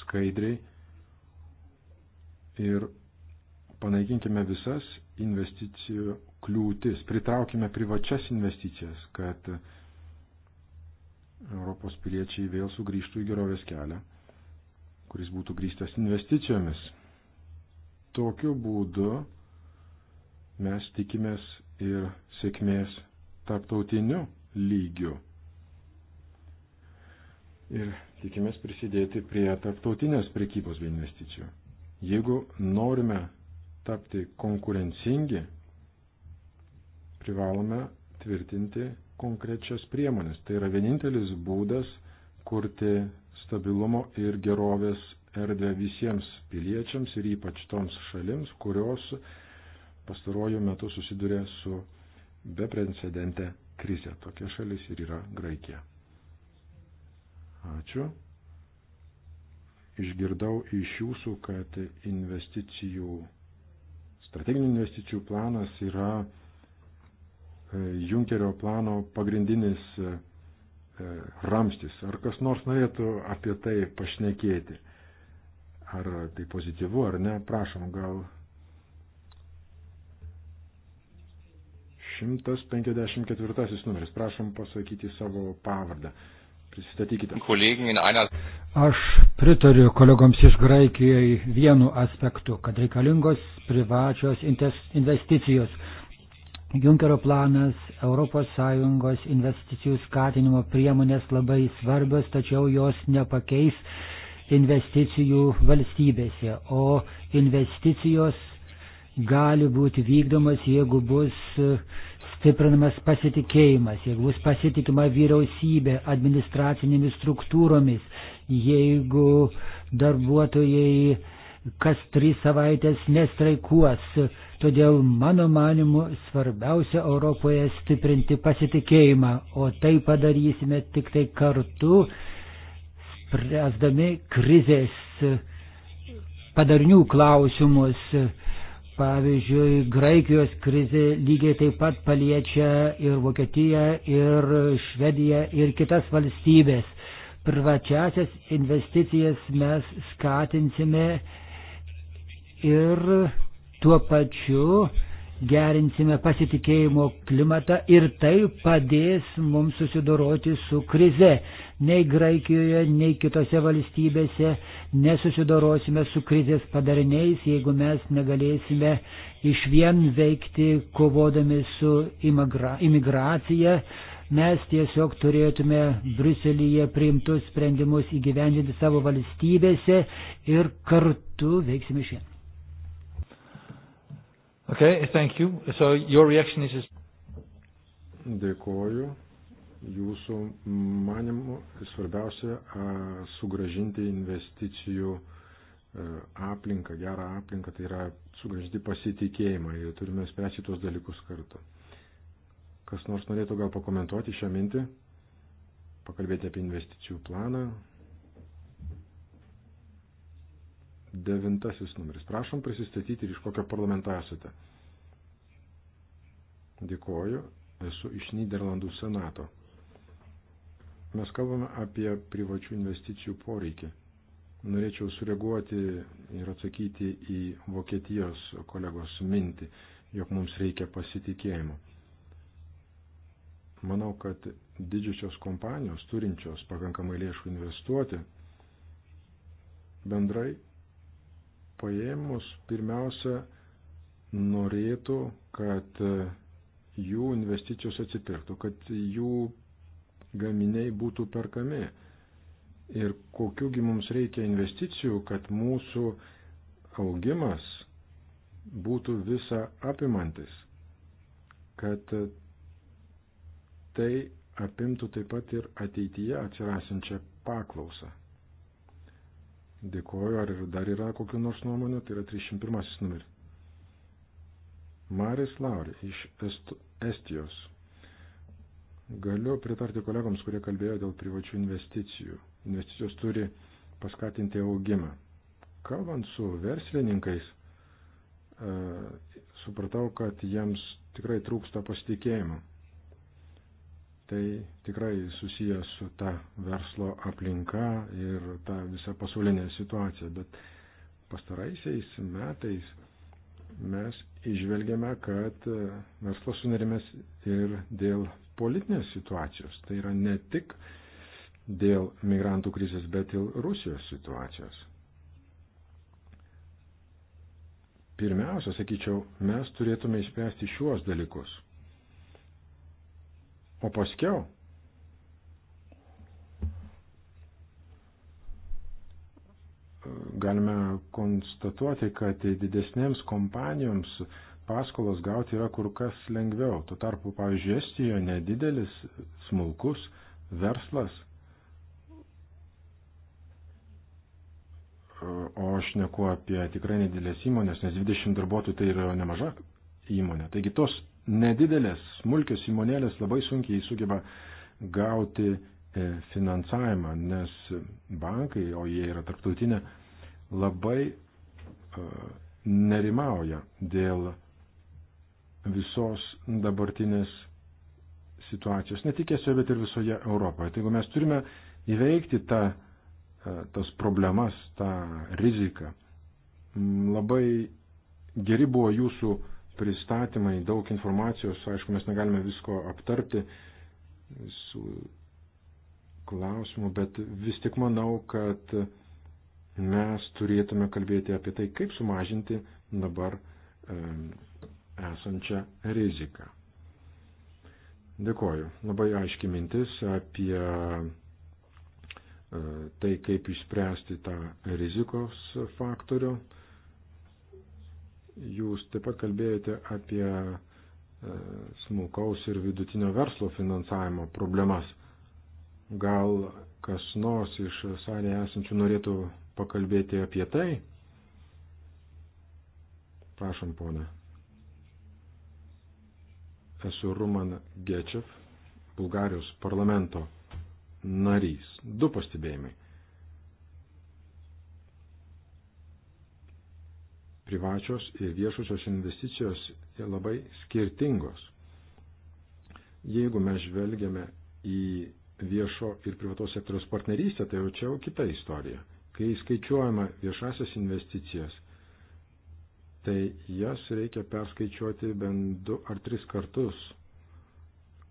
skaidriai ir panaikinkime visas investicijų kliūtis, pritraukime privačias investicijas, kad Europos piliečiai vėl sugrįžtų į gerovės kelią, kuris būtų grįstas investicijomis. Tokiu būdu mes tikimės ir sėkmės tarptautiniu lygiu. Ir tikimės prisidėti prie tarptautinės prekybos bei investicijų. Jeigu norime tapti konkurencingi, privalome tvirtinti konkrečias priemonės. Tai yra vienintelis būdas kurti stabilumo ir gerovės erdvę visiems piliečiams ir ypač toms šalims, kurios pastarojų metų susidurė su beprecedente krize. Tokia šalis ir yra Graikija. Ačiū. Išgirdau iš jūsų, kad investicijų, strateginių investicijų planas yra e, Junkerio plano pagrindinis e, e, ramstis. Ar kas nors norėtų apie tai pašnekėti? Ar tai pozityvu, ar ne? Prašom, gal 154 numeris. Prašom pasakyti savo pavardę. Prisistatykite. Aš pritariu kolegoms iš Graikijoje vienu aspektu, kad reikalingos privačios investicijos. Junkerio planas, ES investicijų skatinimo priemonės labai svarbios, tačiau jos nepakeis investicijų valstybėse, o investicijos gali būti vykdomas, jeigu bus e, stiprinamas pasitikėjimas, jeigu bus pasitikima vyriausybė administracinėmis struktūromis, jeigu darbuotojai kas trys savaitės nestraikuos. Todėl mano manimu svarbiausia Europoje stiprinti pasitikėjimą, o tai padarysime tik tai kartu, spręsdami krizės padarnių klausimus Pavyzdžiui, Graikijos krizė lygiai taip pat paliečia ir Vokietiją, ir Švediją, ir kitas valstybės. Privačiasias investicijas mes skatinsime ir tuo pačiu gerinsime pasitikėjimo klimatą ir tai padės mums susidoroti su krize. Nei Graikijoje, nei kitose valstybėse nesusidorosime su krizės padariniais, jeigu mes negalėsime iš vien veikti kovodami su imigra imigracija. Mes tiesiog turėtume Bruselyje priimtus sprendimus įgyvendinti savo valstybėse ir kartu veiksime šiandien. Okay, thank you. So your reaction is... Dėkuoju. Jūsų manimu svarbiausia a, sugražinti investicijų a, e, aplinką, gerą aplinką, tai yra sugražinti pasitikėjimą ir turime spręsti tuos dalykus kartu. Kas nors norėtų gal pakomentuoti šią mintį, pakalbėti apie investicijų planą, devintasis numeris. Prašom prisistatyti ir iš kokio parlamento esate. Dėkoju, esu iš Niderlandų senato. Mes kalbame apie privačių investicijų poreikį. Norėčiau sureaguoti ir atsakyti į Vokietijos kolegos mintį, jog mums reikia pasitikėjimo. Manau, kad didžiosios kompanijos, turinčios pakankamai lėšų investuoti, bendrai paėmus, pirmiausia, norėtų, kad jų investicijos atsipirktų, kad jų gaminiai būtų perkami. Ir kokiugi mums reikia investicijų, kad mūsų augimas būtų visa apimantis, kad tai apimtų taip pat ir ateityje atsirasinčią paklausą. Dėkuoju, ar dar yra kokiu nors nuomonė, tai yra 301 numeris. Maris Lauri iš Est Estijos. Galiu pritarti kolegoms, kurie kalbėjo dėl privačių investicijų. Investicijos turi paskatinti augimą. Kalbant su verslininkais, e, supratau, kad jiems tikrai trūksta pasitikėjimo tai tikrai susijęs su ta verslo aplinka ir ta visa pasaulinė situacija, bet pastaraisiais metais mes išvelgėme, kad verslas sunerimės ir dėl politinės situacijos. Tai yra ne tik dėl migrantų krizės, bet ir Rusijos situacijos. Pirmiausia, sakyčiau, mes turėtume išspręsti šiuos dalykus. O paskiau galime konstatuoti, kad didesnėms kompanijoms paskolas gauti yra kur kas lengviau. Tuo tarpu, pavyzdžiui, Estijoje nedidelis, smulkus verslas, o aš neku apie tikrai nedidelės įmonės, nes 20 darbuotojų tai yra nemaža įmonė. Taigi tos nedidelės, smulkios įmonėlės labai sunkiai sugeba gauti e, finansavimą, nes bankai, o jie yra tarptautinė, labai e, nerimauja dėl visos dabartinės situacijos, ne tik esioje, bet ir visoje Europoje. Tai jeigu mes turime įveikti tą, e, tas problemas, tą riziką, labai geri buvo jūsų pristatymai, daug informacijos, aišku, mes negalime visko aptarti visų klausimų, bet vis tik manau, kad mes turėtume kalbėti apie tai, kaip sumažinti dabar esančią riziką. Dėkoju. Labai aiški mintis apie e, tai, kaip išspręsti tą rizikos faktorių. Jūs taip pat kalbėjote apie e, smulkaus ir vidutinio verslo finansavimo problemas. Gal kas nors iš salėje esančių norėtų pakalbėti apie tai? Prašom, ponė. Esu Ruman Gečev, Bulgarijos parlamento narys. Du pastebėjimai. privačios ir viešusios investicijos labai skirtingos. Jeigu mes žvelgiame į viešo ir privatos sektoriaus partnerystę, tai jau čia jau kita istorija. Kai skaičiuojama viešasias investicijas, tai jas reikia perskaičiuoti bent du ar tris kartus,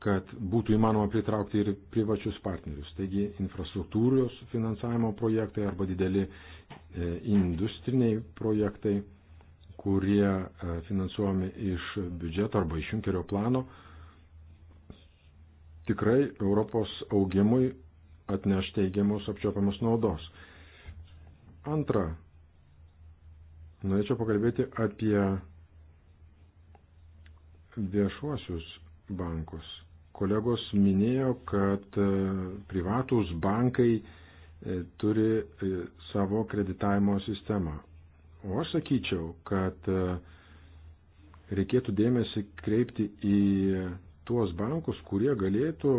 kad būtų įmanoma pritraukti ir privačius partnerius. Taigi infrastruktūros finansavimo projektai arba dideli e, industriniai projektai kurie e, finansuojami iš biudžeto arba iš Junkerio plano, tikrai Europos augimui atneš teigiamus apčiopiamus naudos. Antra, norėčiau pakalbėti apie viešuosius bankus. Kolegos minėjo, kad e, privatūs bankai e, turi savo kreditavimo sistemą. O aš sakyčiau, kad e, reikėtų dėmesį kreipti į tuos bankus, kurie galėtų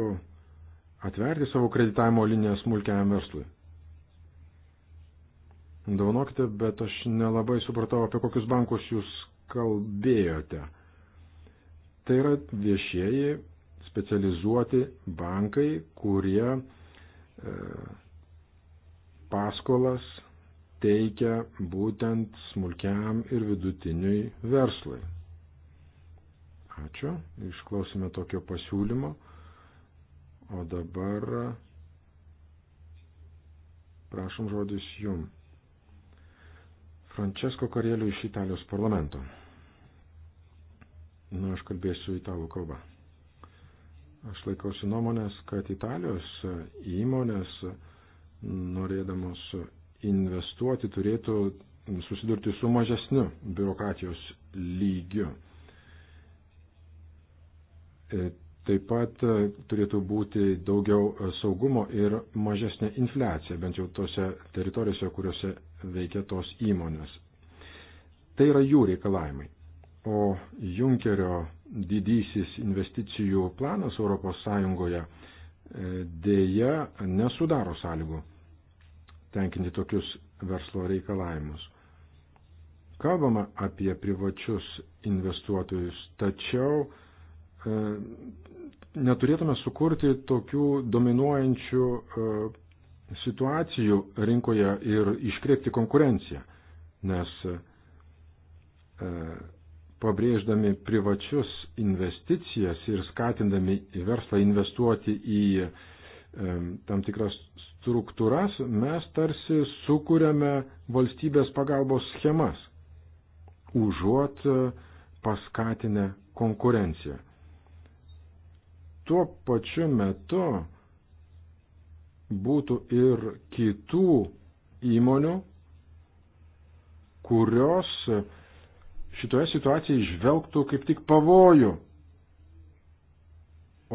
atverti savo kreditavimo liniją smulkiam verslui. Daunokite, bet aš nelabai supratau, apie kokius bankus jūs kalbėjote. Tai yra viešieji specializuoti bankai, kurie e, paskolas teikia būtent smulkiam ir vidutiniui verslui. Ačiū, išklausime tokio pasiūlymo. O dabar prašom žodis jum. Francesco Karėlių iš Italijos parlamento. Na, aš kalbėsiu italų kalbą. Aš laikausi nuomonės, kad Italijos įmonės, norėdamos investuoti turėtų susidurti su mažesniu biurokratijos lygiu. E, taip pat e, turėtų būti daugiau e, saugumo ir mažesnė infliacija, bent jau tose teritorijose, kuriuose veikia tos įmonės. Tai yra jų reikalavimai. O Junkerio didysis investicijų planas ES dėja nesudaro sąlygų tenkinti tokius verslo reikalavimus. Kalbama apie privačius investuotojus, tačiau e, neturėtume sukurti tokių dominuojančių e, situacijų rinkoje ir iškreipti konkurenciją, nes e, pabrėždami privačius investicijas ir skatindami verslą investuoti į e, tam tikras struktūras mes tarsi sukūrėme valstybės pagalbos schemas, užuot e, paskatinę konkurenciją. Tuo pačiu metu būtų ir kitų įmonių, kurios šitoje situacijoje išvelgtų kaip tik pavojų,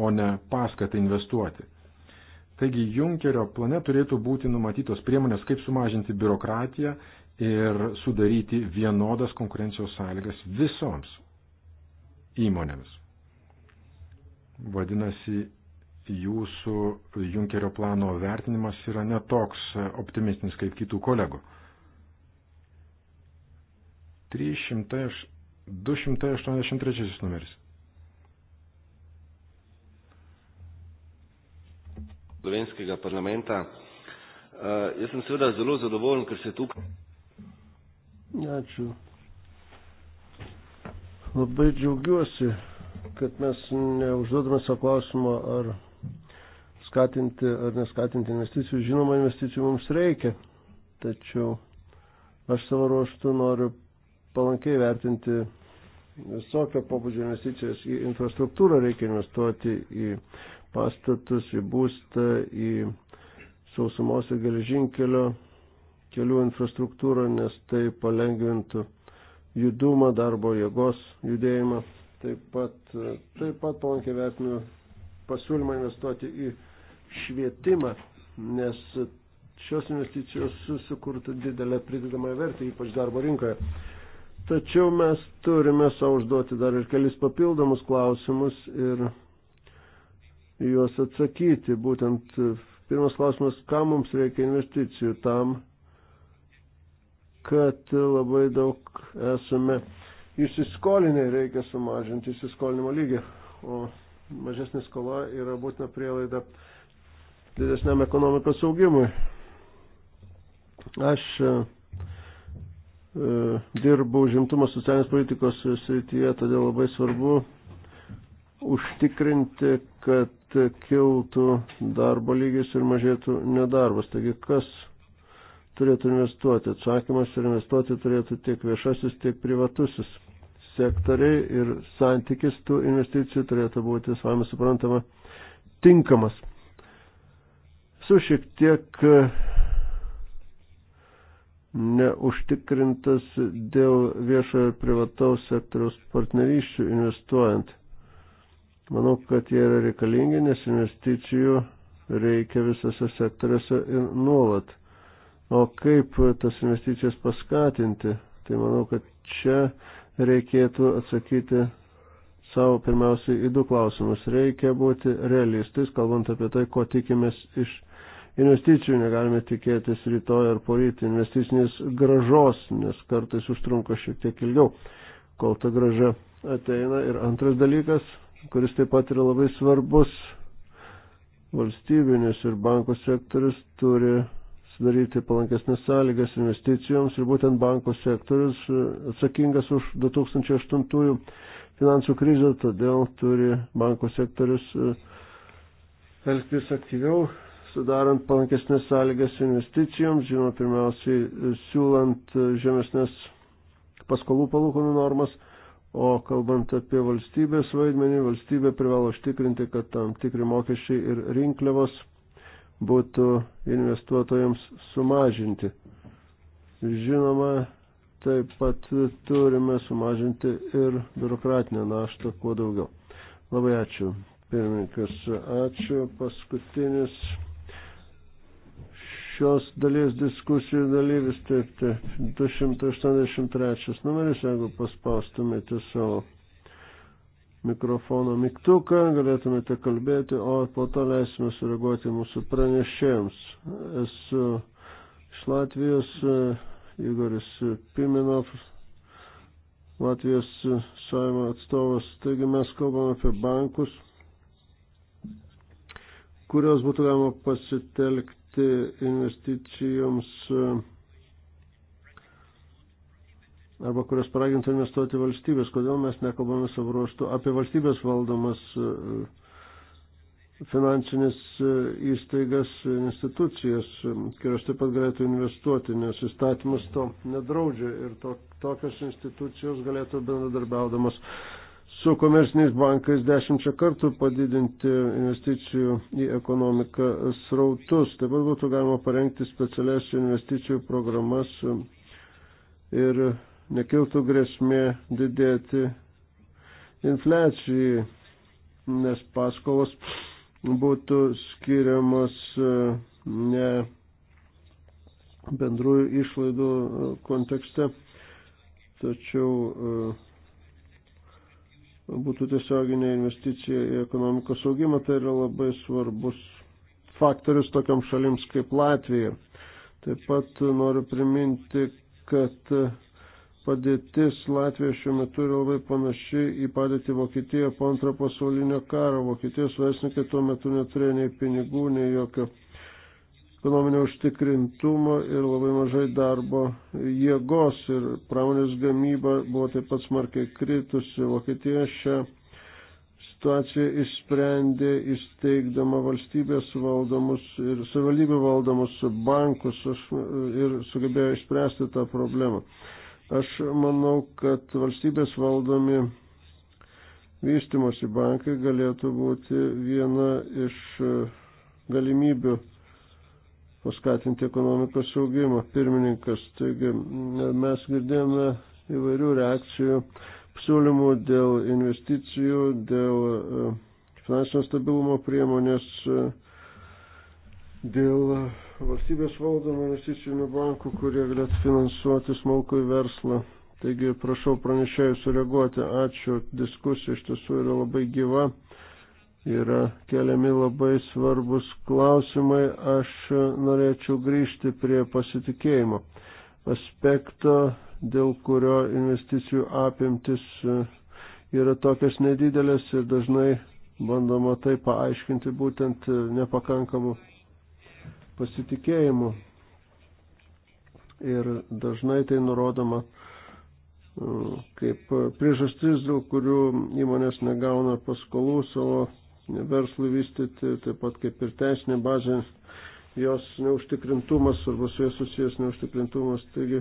o ne paskatą investuoti. Taigi Junkerio plane turėtų būti numatytos priemonės, kaip sumažinti biurokratiją ir sudaryti vienodas konkurencijos sąlygas visoms įmonėms. Vadinasi, jūsų Junkerio plano vertinimas yra netoks optimistinis kaip kitų kolegų. 300, 283 numeris. slovenskega parlamenta. Uh, jaz sem seveda zelo zadovoljen, ker se tukaj. Ačiū. Labai džiaugiuosi, kad mes neužduodame savo klausimą, ar skatinti ar neskatinti investicijų. Žinoma, investicijų mums reikia, tačiau aš savo ruoštų noriu palankiai vertinti visokio pobūdžio investicijas į infrastruktūrą, reikia investuoti į uh, pastatus, į būstą, į sausumos ir geležinkelio kelių infrastruktūrą, nes tai palengvintų judumą, darbo jėgos judėjimą. Taip pat, taip pat palankiai vertinu pasiūlymą investuoti į švietimą, nes šios investicijos susikurtų didelę pridedamą vertę, ypač darbo rinkoje. Tačiau mes turime savo užduoti dar ir kelis papildomus klausimus ir juos atsakyti. Būtent pirmas klausimas, kam mums reikia investicijų tam, kad labai daug esame įsiskolinę, reikia sumažinti įsiskolinimo lygį, o mažesnė skola yra būtina prielaida didesniam ekonomikos augimui. Aš e, e, dirbu užimtumo socialinės politikos srityje, todėl labai svarbu užtikrinti, kad kad kiltų darbo lygis ir mažėtų nedarbas. Taigi kas turėtų investuoti? Atsakymas ir investuoti turėtų tiek viešasis, tiek privatusis sektoriai ir santykis tų investicijų turėtų būti, savame suprantama, tinkamas. Su šiek tiek e, neužtikrintas dėl viešojo ir privataus sektoriaus partnerysčių investuojant. Manau, kad jie yra reikalingi, nes investicijų reikia visose sektoriuose ir nuolat. O kaip tas investicijas paskatinti, tai manau, kad čia reikėtų atsakyti savo pirmiausiai į du klausimus. Reikia būti realistais, kalbant apie tai, ko tikimės iš investicijų. Negalime tikėtis rytoj ar poryt investicinės gražos, nes kartais užtrunka šiek tiek ilgiau, kol ta graža ateina. Ir antras dalykas, kuris taip pat yra labai svarbus. Valstybinis ir bankų sektorius turi sudaryti palankesnės sąlygas investicijoms ir būtent bankų sektorius e, atsakingas už 2008 finansų krizę, todėl turi bankų sektorius e, elgtis aktyviau, sudarant palankesnės sąlygas investicijoms, žinoma, pirmiausiai e, siūlant žemesnės paskolų palūkanų normas O kalbant apie valstybės vaidmenį, valstybė privalo užtikrinti, kad tam tikri mokesčiai ir rinkliavos būtų investuotojams sumažinti. Žinoma, taip pat turime sumažinti ir biurokratinę naštą kuo daugiau. Labai ačiū. Pirmininkas, ačiū. Paskutinis šios dalies diskusijų dalyvis, taip, taip, 283 numeris, jeigu paspaustumėte savo mikrofono mygtuką, galėtumėte kalbėti, o po to leisime sureaguoti mūsų pranešėjams. Esu iš Latvijos, Igoris Piminov, Latvijos sąjungo atstovas, taigi mes kalbame apie bankus kurios būtų galima pasitelkti leisti investicijoms e, arba kurias paragintų investuoti valstybės. Kodėl mes nekalbame savo ruoštų apie valstybės valdomas e, finansinės e, įstaigas, institucijas, kurios taip pat galėtų investuoti, nes įstatymas to nedraudžia ir to, tokios institucijos galėtų bendradarbiaudamas su komerciniais bankais dešimčia kartų padidinti investicijų į ekonomiką srautus. Taip pat būtų galima parengti specialias investicijų programas ir nekiltų grėsmė didėti infliacijai, nes paskolos būtų skiriamas e, ne bendrųjų išlaidų e, kontekste, tačiau uh, būtų tiesioginė investicija į ekonomikos augimą, tai yra labai svarbus faktorius tokiam šalims kaip Latvija. Taip pat noriu priminti, kad padėtis Latvijoje šiuo metu yra labai panaši į padėtį Vokietijoje po antro pasaulinio karo. Vokietijos verslininkai tuo metu neturėjo nei pinigų, nei jokio ekonominio užtikrintumo ir labai mažai darbo jėgos ir pramonės gamyba buvo taip pat smarkiai kritusi. Vokietija šią situaciją išsprendė įsteigdama valstybės valdomus ir savivaldybių valdomus bankus ir sugebėjo išspręsti tą problemą. Aš manau, kad valstybės valdomi vystimosi bankai galėtų būti viena iš e, galimybių paskatinti ekonomikos augimą. Pirmininkas, taigi mes girdėjome įvairių reakcijų, pasiūlymų dėl investicijų, dėl e, finansinio stabilumo priemonės, e, dėl valstybės valdomų investicinių bankų, kurie galėtų finansuoti smulkų verslą. Taigi prašau pranešėjus sureaguoti. Ačiū. Diskusija iš tiesų yra labai gyva yra keliami labai svarbus klausimai. Aš norėčiau grįžti prie pasitikėjimo aspekto, dėl kurio investicijų apimtis e, yra tokias nedidelės ir dažnai bandoma tai paaiškinti būtent e, nepakankamu pasitikėjimu. Ir dažnai tai nurodoma e, kaip priežastis, dėl kurių įmonės negauna paskolų savo verslui vystyti, taip pat kaip ir teisinė bazė, jos neužtikrintumas arba su jais susijęs neužtikrintumas. Taigi,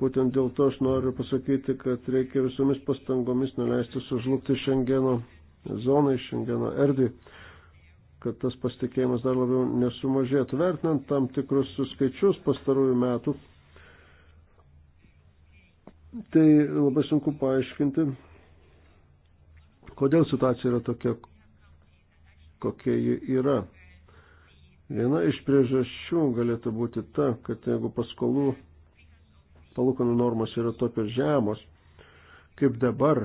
būtent dėl to aš noriu pasakyti, kad reikia visomis pastangomis neleisti sužlugti Šengeno zonai, Šengeno erdvį kad tas pasitikėjimas dar labiau nesumažėtų. Vertinant tam tikrus skaičius pastarųjų metų, tai labai sunku paaiškinti, kodėl situacija yra tokia, kokia ji yra. Viena iš priežasčių galėtų būti ta, kad jeigu paskolų palūkanų normos yra tokios žemos, kaip dabar,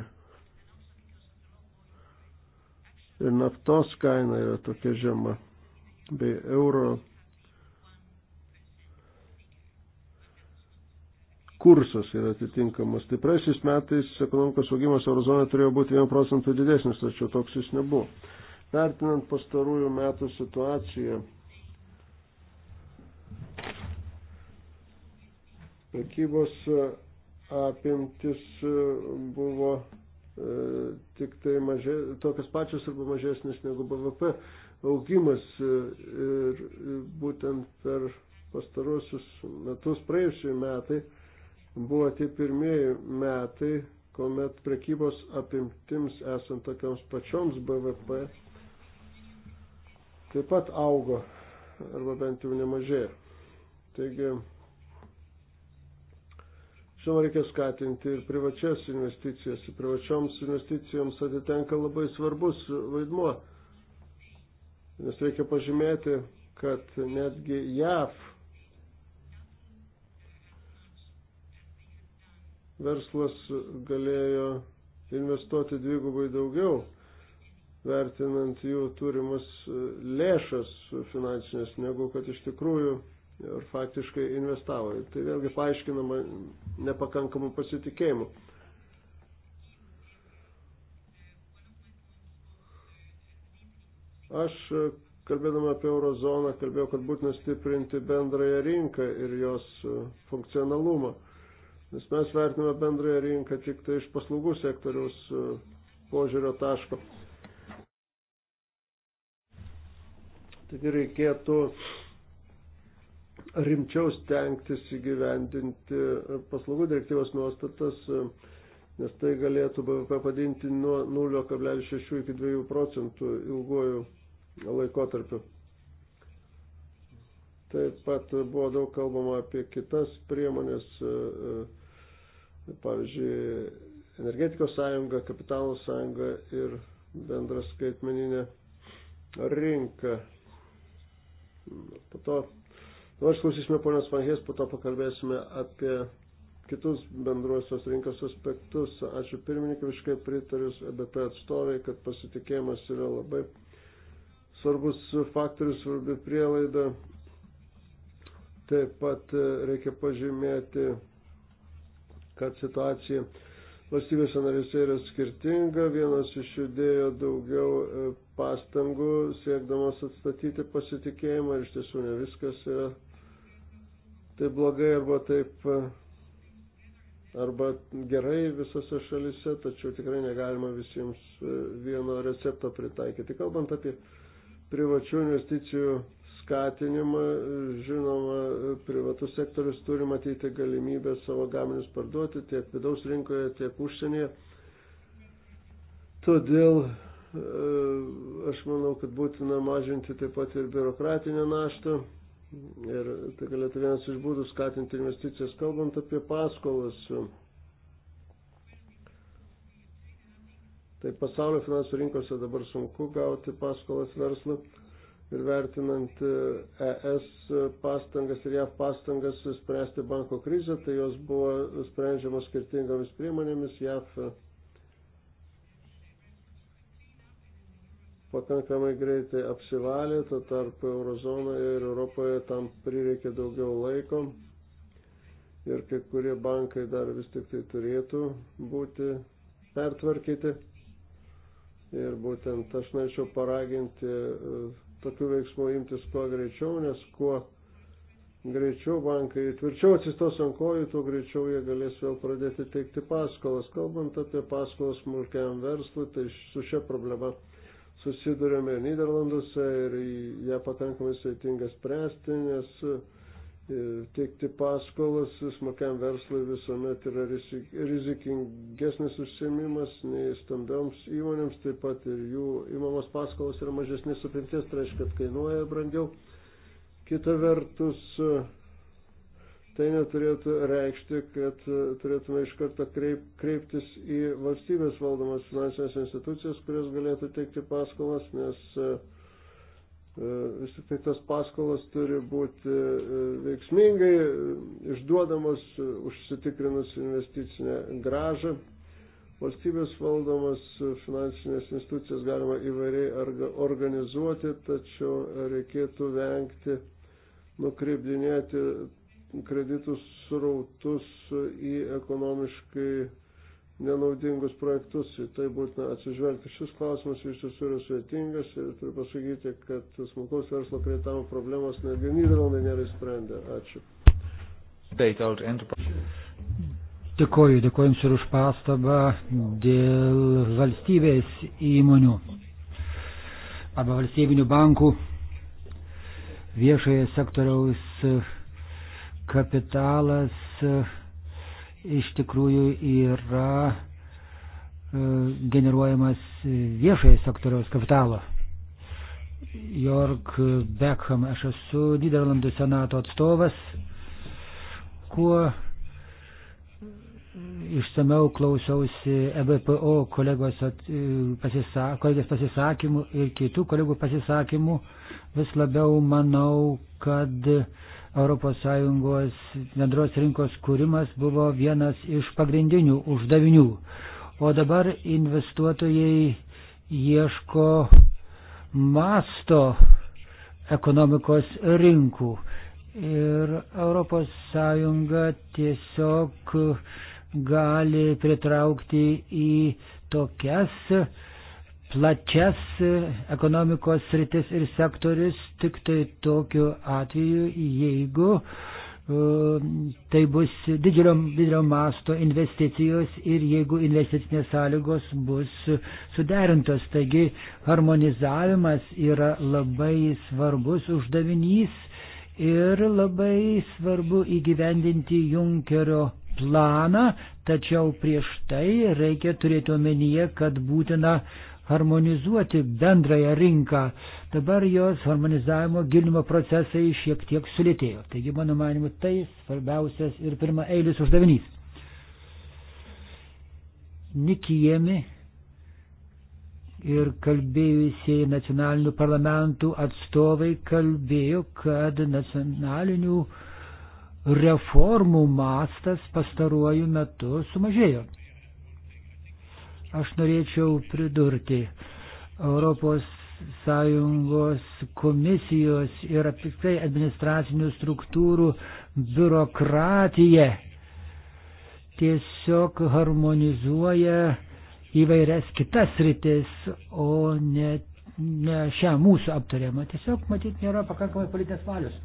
ir naftos kaina yra tokia žema, bei euro kursas yra atitinkamas. Tai praeisiais metais ekonomikos augimas eurozonoje turėjo būti 1 procentų didesnis, tačiau toks jis nebuvo. Vertinant pastarųjų metų situaciją, prekybos e, apimtis e, buvo e, tik tai mažė, tokios pačios arba mažesnės negu BVP augimas e, ir būtent per pastarosius metus, praėjusiai metai, buvo tie pirmieji metai, kuomet prekybos apimtims esant tokiams pačioms BVP taip pat augo, arba bent jau nemažėja. Taigi, žinoma, reikia skatinti ir privačias investicijas. Privačioms investicijoms atitenka labai svarbus vaidmuo, nes reikia pažymėti, kad netgi JAV verslas galėjo investuoti dvigubai daugiau vertinant jų turimas e, lėšas finansinės, negu kad iš tikrųjų ir faktiškai investavo. Tai vėlgi paaiškinama nepakankamu pasitikėjimu. Aš e, kalbėdama apie eurozoną, kalbėjau, kad būtina stiprinti bendrąją rinką ir jos e, funkcionalumą. Nes mes vertiname bendrąją rinką tik tai iš paslaugų sektoriaus požiūrio taško. Taigi reikėtų rimčiau stengtis įgyvendinti paslaugų direktyvos nuostatas, nes tai galėtų BVP padinti nuo 0,6 iki 2 procentų ilguoju laikotarpiu. Taip pat buvo daug kalbama apie kitas priemonės, pavyzdžiui, energetikos sąjunga, kapitalų sąjunga ir bendra skaitmeninė rinka. Po to, nu, išklausysime ponios Vahės, po to pakalbėsime apie kitus bendruosios rinkos aspektus. Ačiū pirmininkai, visiškai pritariu EBP atstovai, kad pasitikėjimas yra labai svarbus faktorius, svarbi prielaida. Taip pat e, reikia pažymėti, kad situacija valstybėse narėse yra skirtinga. Vienas iš judėjo daugiau e, pastangų siekdamas atstatyti pasitikėjimą ir iš tiesų ne viskas yra taip blogai arba taip arba gerai visose šalise, tačiau tikrai negalima visiems e, vieno recepto pritaikyti. Kalbant apie privačių investicijų skatinimą, žinoma, privatus sektorius turi matyti galimybę savo gaminius parduoti tiek vidaus rinkoje, tiek užsienyje. Todėl E, aš manau, kad būtina mažinti taip pat ir biurokratinę naštą. Ir tai galėtų vienas iš būdų skatinti investicijas, kalbant apie paskolas. Tai pasaulio finansų rinkose dabar sunku gauti paskolas verslui ir vertinant ES e pastangas ir JAV pastangas spręsti banko krizę, tai jos buvo sprendžiamos skirtingomis priemonėmis. JAV pakankamai greitai apsivalė, to tarp eurozonoje ir Europoje tam prireikė daugiau laiko ir kai kurie bankai dar vis tik tai turėtų būti pertvarkyti. Ir būtent aš norėčiau paraginti e, tokių veiksmų imtis kuo greičiau, nes kuo greičiau bankai tvirčiau atsistos ant kojų, tuo greičiau jie galės vėl pradėti teikti paskolas. Kalbant apie paskolas smulkiam verslui, tai su šia problema susidurėme ir Niderlanduose ir ją pakankamai sveitinga spręsti, nes e, teikti paskolas smakiam verslui visuomet yra rizikingesnis užsiemimas nei stambioms įmonėms, taip pat ir jų įmamos paskolas yra mažesnės apimties, tai reiškia, kad kainuoja brangiau. Kita vertus, tai neturėtų reikšti, kad e, turėtume iš karto kreip, kreiptis į valstybės valdomas finansinės institucijas, kurios galėtų teikti paskolas, nes e, e, vis tik tai tas paskolas turi būti veiksmingai išduodamos užsitikrinus investicinę gražą. Valstybės valdomas finansinės institucijas galima įvairiai organizuoti, tačiau reikėtų vengti nukreipdinėti kreditus srautus į ekonomiškai nenaudingus projektus. Į tai būtina atsižvelgti. Šis klausimas iš tiesų yra sudėtingas ir turiu pasakyti, kad smulkaus verslo kreditavimo problemos netgi Niderlandai nėra įsprendę. Ačiū. Dėkoju, dėkoju Jums ir už pastabą dėl valstybės įmonių arba valstybinių bankų viešoje sektoriaus kapitalas e, iš tikrųjų yra e, generuojamas viešojo sektoriaus kapitalo. Jork Beckham, aš esu Niderlandų senato atstovas. Kuo išsameu klausiausi EBPO kolegos, e, pasisa, kolegės pasisakymų ir kitų kolegų pasisakymų, vis labiau manau, kad uh, ES bendros rinkos kūrimas buvo vienas iš pagrindinių uždavinių. O dabar investuotojai ieško masto ekonomikos rinkų. Ir ES tiesiog gali pritraukti į tokias plačias e, ekonomikos sritis ir sektorius tik tai tokiu atveju, jeigu e, tai bus didelio, didelio masto investicijos ir jeigu investicinės sąlygos bus suderintos. Taigi harmonizavimas yra labai svarbus uždavinys ir labai svarbu įgyvendinti Junkerio planą, tačiau prieš tai reikia turėti omenyje, kad būtina harmonizuoti bendrąją rinką. Dabar jos harmonizavimo gilinimo procesai šiek tiek sulėtėjo. Taigi, mano manimu, tai svarbiausias ir pirma eilis uždavinys. Nikijėmi ir kalbėjusiai nacionalinių parlamentų atstovai kalbėjo, kad nacionalinių reformų mastas pastaruoju metu sumažėjo. Aš norėčiau pridurti Europos Sąjungos komisijos ir apskritai administracinių struktūrų biurokratija tiesiog harmonizuoja įvairias kitas rytis, o ne, ne šią mūsų aptariamą. Tiesiog, matyt, nėra pakankamai politinės valios.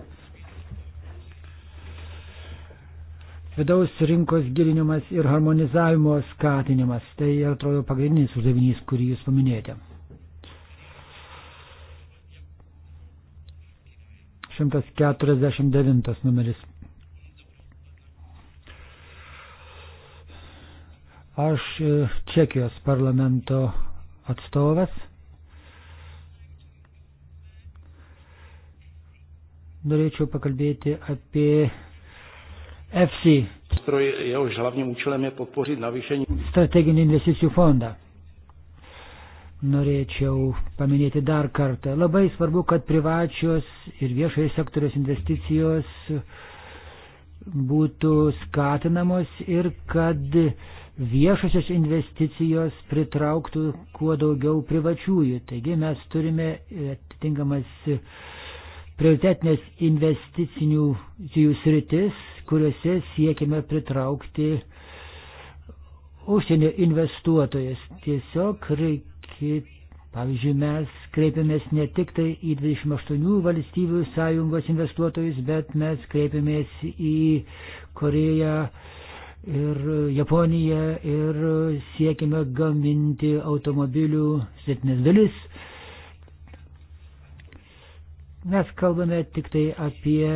vidaus rinkos gilinimas ir harmonizavimo skatinimas. Tai, atrodo, pagrindinis uždavinys, kurį jūs paminėjote. 149 numeris. Aš e, Čekijos parlamento atstovas. Norėčiau pakalbėti apie EFSI. Stroj, jehož hlavním účelem je podpořit navýšení. Strateginį investicijų fondą. Norėčiau paminėti dar kartą. Labai svarbu, kad privačios ir viešojo sektoriaus investicijos būtų skatinamos ir kad viešosios investicijos pritrauktų kuo daugiau privačiųjų. Taigi mes turime atitinkamas prioritetinės investicinių jų sritis, kuriuose siekime pritraukti užsienio investuotojas. Tiesiog reikia, pavyzdžiui, mes kreipiamės ne tik tai į 28 valstybių sąjungos investuotojus, bet mes kreipiamės į Koreją ir Japoniją ir siekime gaminti automobilių sėtinės dalis mes kalbame tik tai apie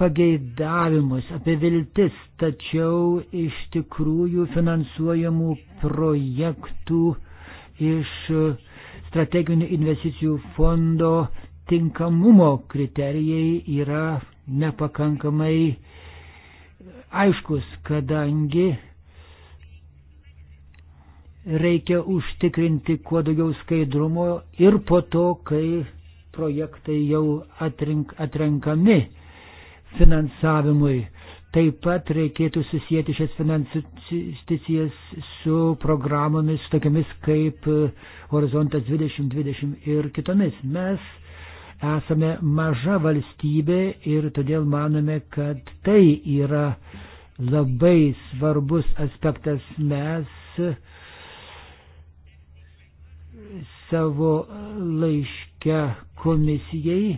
pageidavimus, apie viltis, tačiau iš tikrųjų finansuojamų projektų iš strateginių investicijų fondo tinkamumo kriterijai yra nepakankamai aiškus, kadangi reikia užtikrinti kuo daugiau skaidrumo ir po to, kai projektai jau atrink, atrenkami finansavimui. Taip pat reikėtų susijęti šias finansicijas su programomis tokiamis kaip Horizontas 2020 ir kitomis. Mes esame maža valstybė ir todėl manome, kad tai yra labai svarbus aspektas. Mes savo laiškį laiške komisijai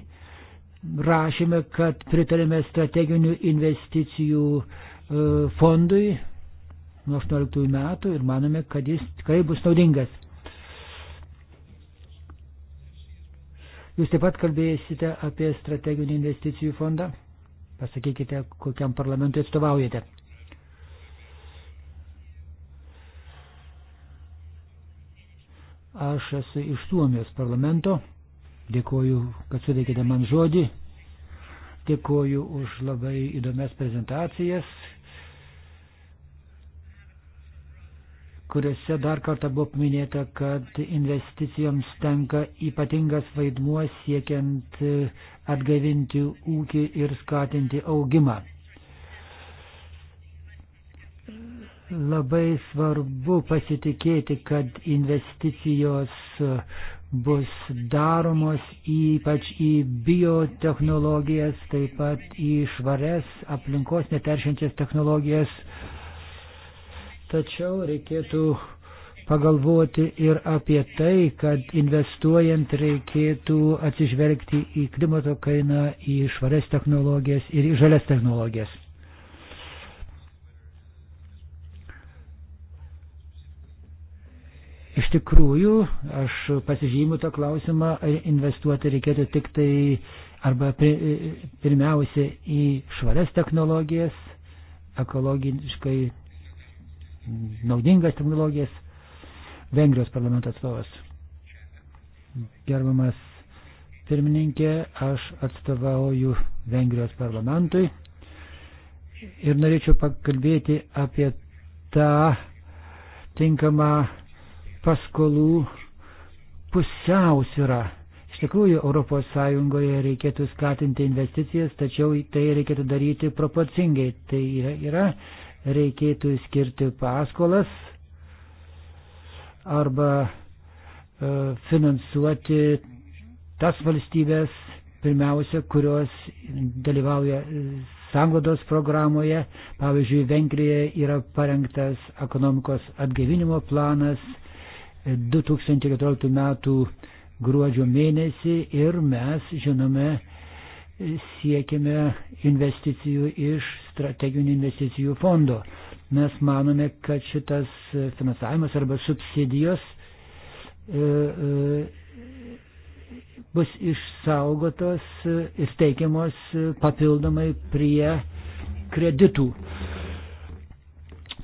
rašėme, kad pritarėme strateginių investicijų e, fondui nuo 18 metų ir manome, kad jis tikrai bus naudingas. Jūs taip pat kalbėsite apie strateginių investicijų fondą. Pasakykite, kokiam parlamentui atstovaujate. Aš esu iš Suomijos parlamento. Dėkuoju, kad suteikėte man žodį. Dėkuoju už labai įdomias prezentacijas, kuriuose dar kartą buvo minėta, kad investicijoms tenka ypatingas vaidmuo siekiant e, atgaivinti ūkį ir skatinti augimą. Labai svarbu pasitikėti, kad investicijos bus daromos ypač į biotehnologijas, taip pat į švarias aplinkos neteršiančias technologijas. Tačiau reikėtų pagalvoti ir apie tai, kad investuojant reikėtų atsižvelgti į klimato kainą, į švarias technologijas ir į žalias technologijas. iš tikrųjų aš pasižymiu tą klausimą, ar investuoti reikėtų tik tai arba pirmiausia į švarias technologijas, ekologiškai naudingas technologijas. Vengrijos parlamento atstovas. Gerbamas pirmininkė, aš atstovauju Vengrijos parlamentui ir norėčiau pakalbėti apie tą tinkamą paskolų pusiausvyrą. Iš tikrųjų, ES reikėtų skatinti investicijas, tačiau tai reikėtų daryti proporcingai. Tai yra, reikėtų skirti paskolas arba e, finansuoti tas valstybės, pirmiausia, kurios dalyvauja sanglados programoje. Pavyzdžiui, Vengrijoje yra parengtas ekonomikos atgevinimo planas 2014 m. gruodžio mėnesį ir mes, žinome, siekime investicijų iš strateginių investicijų fondo. Mes manome, kad šitas finansavimas arba subsidijos e, e, bus išsaugotos ir teikiamos papildomai prie kreditų,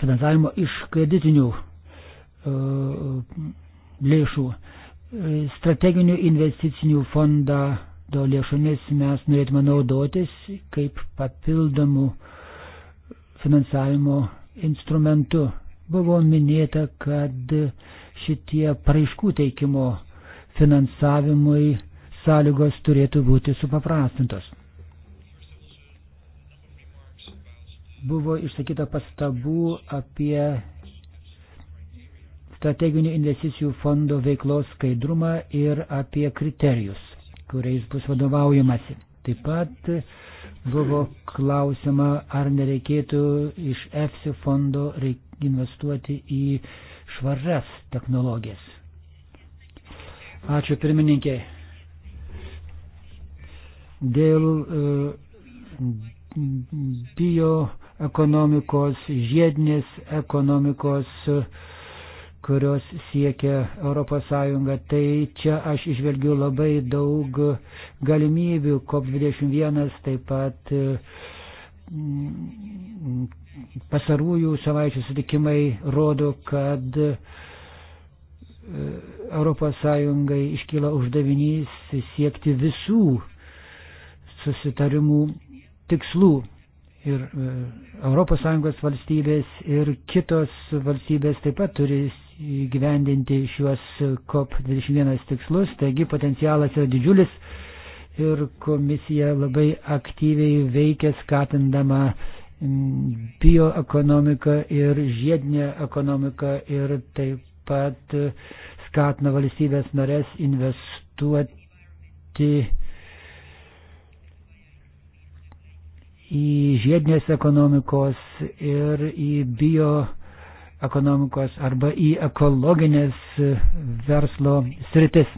finansavimo iš kreditinių E, lėšų. E, strateginių investicinių fondą do lėšomis mes norėtume naudotis kaip papildomų finansavimo instrumentu. Buvo minėta, kad šitie paraiškų teikimo finansavimui sąlygos turėtų būti supaprastintos. Buvo išsakyta pastabų apie strateginių investicijų fondo veiklos skaidrumą ir apie kriterijus, kuriais bus vadovaujamasi. Taip pat buvo klausima, ar nereikėtų iš EFSI fondo investuoti į švarias technologijas. Ačiū pirmininkė. Dėl uh, bioekonomikos, žiedinės ekonomikos, uh, kurios siekia ES. Tai čia aš išvelgiu labai daug galimybių. COP21 taip pat mm, pasarųjų savaičių sutikimai rodo, kad ES iškyla uždavinys siekti visų susitarimų tikslų. Ir ES valstybės ir kitos valstybės taip pat turi įgyvendinti šiuos COP21 tikslus, taigi potencialas yra didžiulis ir komisija labai aktyviai veikia skatindama mm, bioekonomiką ir žiedinę ekonomiką ir taip pat skatina valstybės norės investuoti į žiedinės ekonomikos ir į bioekonomiką ekonomikos arba į ekologinės e, verslo sritis.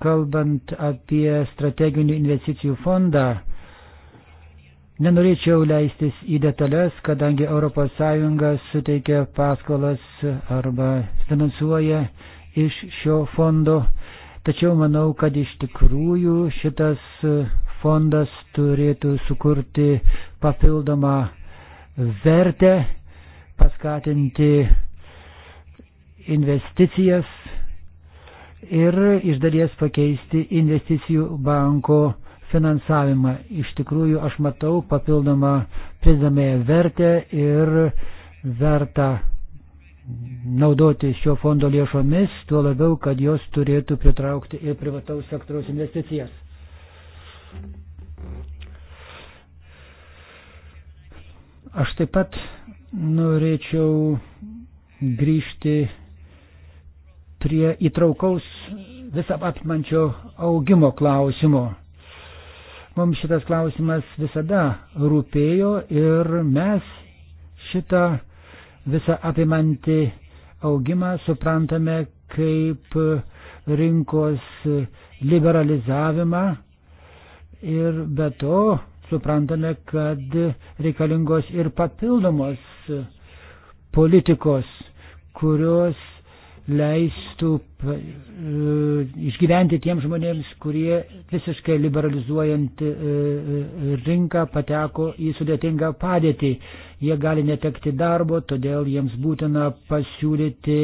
Kalbant apie strateginių investicijų fondą, nenorėčiau leistis į detalės, kadangi ES suteikia paskolas arba finansuoja iš šio fondo. Tačiau manau, kad iš tikrųjų šitas e, fondas turėtų sukurti papildomą vertę, paskatinti investicijas ir iš dalies pakeisti investicijų banko finansavimą. Iš tikrųjų, aš matau papildomą pridamąją vertę ir vertą naudoti šio fondo lėšomis, tuo labiau, kad jos turėtų pritraukti ir privataus sektoriaus investicijas. Aš taip pat norėčiau grįžti prie įtraukaus visą apmančio augimo klausimo. Mums šitas klausimas visada rūpėjo ir mes šitą visą apimantį augimą suprantame kaip rinkos liberalizavimą ir be to suprantame, kad reikalingos ir papildomos politikos, kurios leistų e, išgyventi tiems žmonėms, kurie visiškai liberalizuojant e, e, rinką pateko į sudėtingą padėtį. Jie gali netekti darbo, todėl jiems būtina pasiūlyti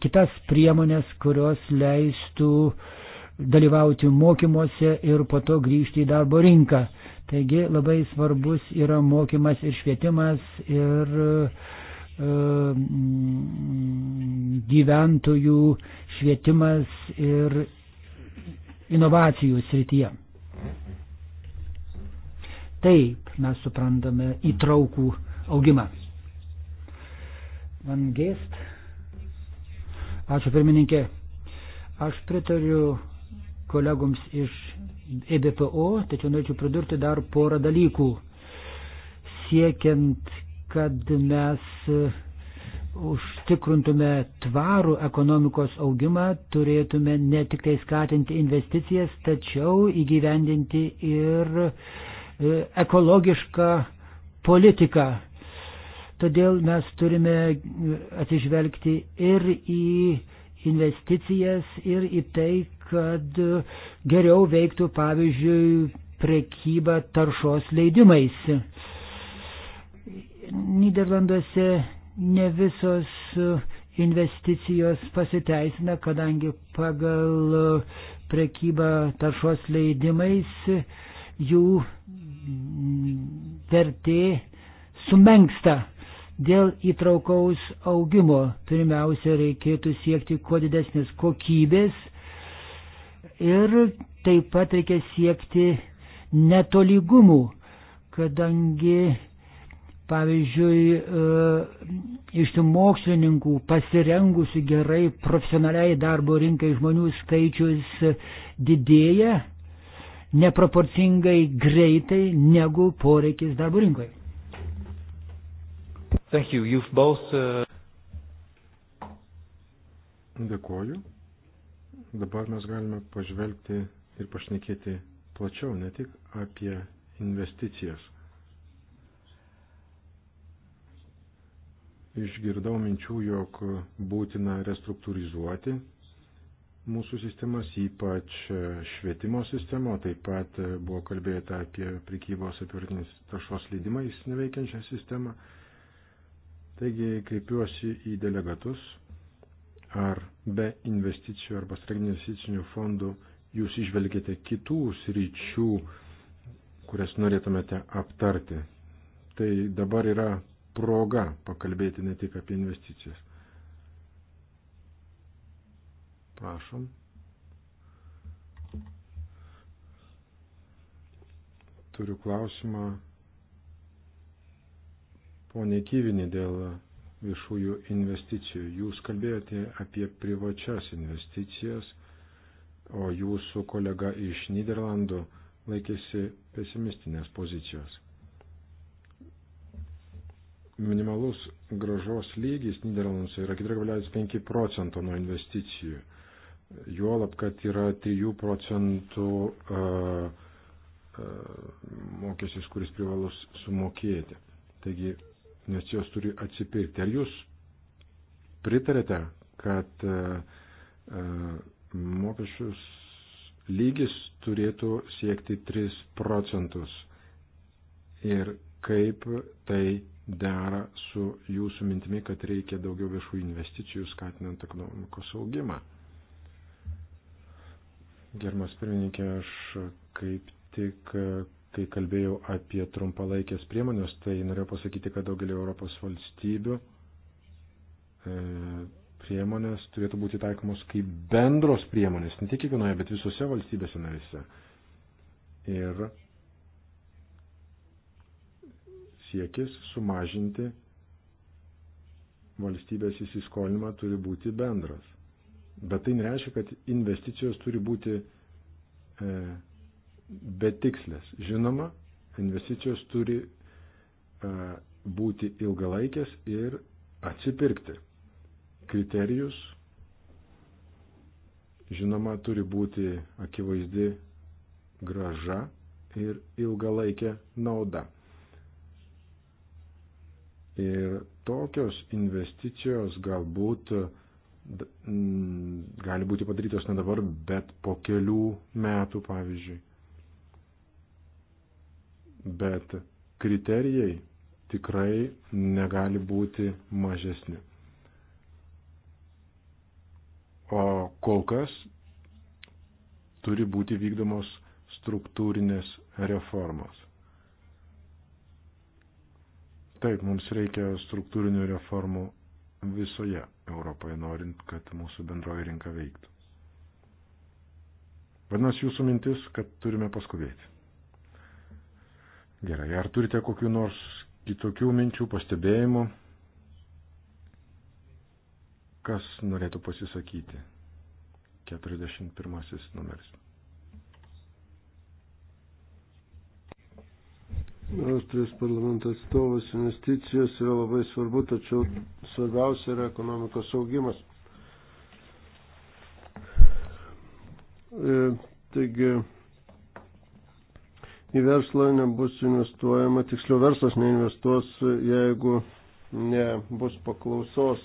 kitas priemonės, kurios leistų dalyvauti mokymuose ir po to grįžti į darbo rinką. Taigi labai svarbus yra mokymas ir švietimas ir e, mm, gyventojų švietimas ir inovacijų srityje. Taip mes suprantame įtraukų augimą. Van Gest. Ačiū pirmininkė. Aš pritariu kolegoms iš EBPO, tačiau norėčiau pridurti dar porą dalykų. Siekiant, kad mes e, užtikrintume tvarų ekonomikos augimą, turėtume ne tik tai skatinti investicijas, tačiau įgyvendinti ir e, ekologišką politiką. Todėl mes turime e, atsižvelgti ir į investicijas, ir į tai, kad geriau veiktų, pavyzdžiui, prekyba taršos leidimais. Niderlanduose ne visos investicijos pasiteisina, kadangi pagal prekybą taršos leidimais jų vertė sumenksta. Dėl įtraukaus augimo pirmiausia reikėtų siekti kuo didesnės kokybės ir taip pat reikia siekti netolygumų, kadangi, pavyzdžiui, e, iš mokslininkų pasirengusių gerai profesionaliai darbo rinkai žmonių skaičius didėja neproporcingai greitai negu poreikis darbo rinkoje. Thank you. You've both. Uh... Dėkuoju dabar mes galime pažvelgti ir pašnekėti plačiau, ne tik apie investicijas. Išgirdau minčių, jog būtina restruktūrizuoti mūsų sistemas, ypač švietimo sistemo, taip pat buvo kalbėta apie prikybos atvirtinės taršos leidimais neveikiančią sistemą. Taigi kreipiuosi į delegatus Ar be investicijų arba strateginių investicinių fondų jūs išvelgėte kitų sričių, kurias norėtumėte aptarti? Tai dabar yra proga pakalbėti ne tik apie investicijas. Prašom. Turiu klausimą ponė Kyvinį dėl viešųjų investicijų. Jūs kalbėjote apie privačias investicijas, o jūsų kolega iš Niderlandų laikėsi pesimistinės pozicijos. Minimalus gražos lygis Niderlanduose yra 4,5 procento nuo investicijų. Juolab, kad yra 3 procentų uh, uh, mokestis, kuris privalus sumokėti. Taigi nes jos turi atsipirkti. Ar jūs pritarėte, kad e, e, mokesčius lygis turėtų siekti 3 procentus ir kaip tai dera su jūsų mintimi, kad reikia daugiau viešų investicijų skatinant ekonomikos augimą. Germas pirmininkė, aš kaip tik kai kalbėjau apie trumpalaikės priemonės, tai norėjau pasakyti, kad daugelį Europos valstybių e, priemonės turėtų būti taikomos kaip bendros priemonės, ne tik kiekvienoje, bet visose valstybėse narėse. Ir siekis sumažinti valstybės įsiskolinimą turi būti bendras. Bet tai nereiškia, kad investicijos turi būti e, betikslės. Žinoma, investicijos turi e, būti ilgalaikės ir atsipirkti. Kriterijus, žinoma, turi būti akivaizdi graža ir ilgalaikė nauda. Ir tokios investicijos galbūt gali būti padarytos ne dabar, bet po kelių metų, pavyzdžiui bet kriterijai tikrai negali būti mažesni. O kol kas turi būti vykdomos struktūrinės reformos. Taip, mums reikia struktūrinių reformų visoje Europoje, norint, kad mūsų bendroji rinka veiktų. Vadinasi, jūsų mintis, kad turime paskubėti. Gerai, ar turite kokiu nors kitokių minčių, pastebėjimų? Kas norėtų pasisakyti? 41 numeris. Austrijos parlamento atstovas investicijos yra labai svarbu, tačiau svarbiausia yra ekonomikos augimas. E, taigi, į verslą nebus investuojama, tiksliau verslas neinvestuos, jeigu nebus paklausos.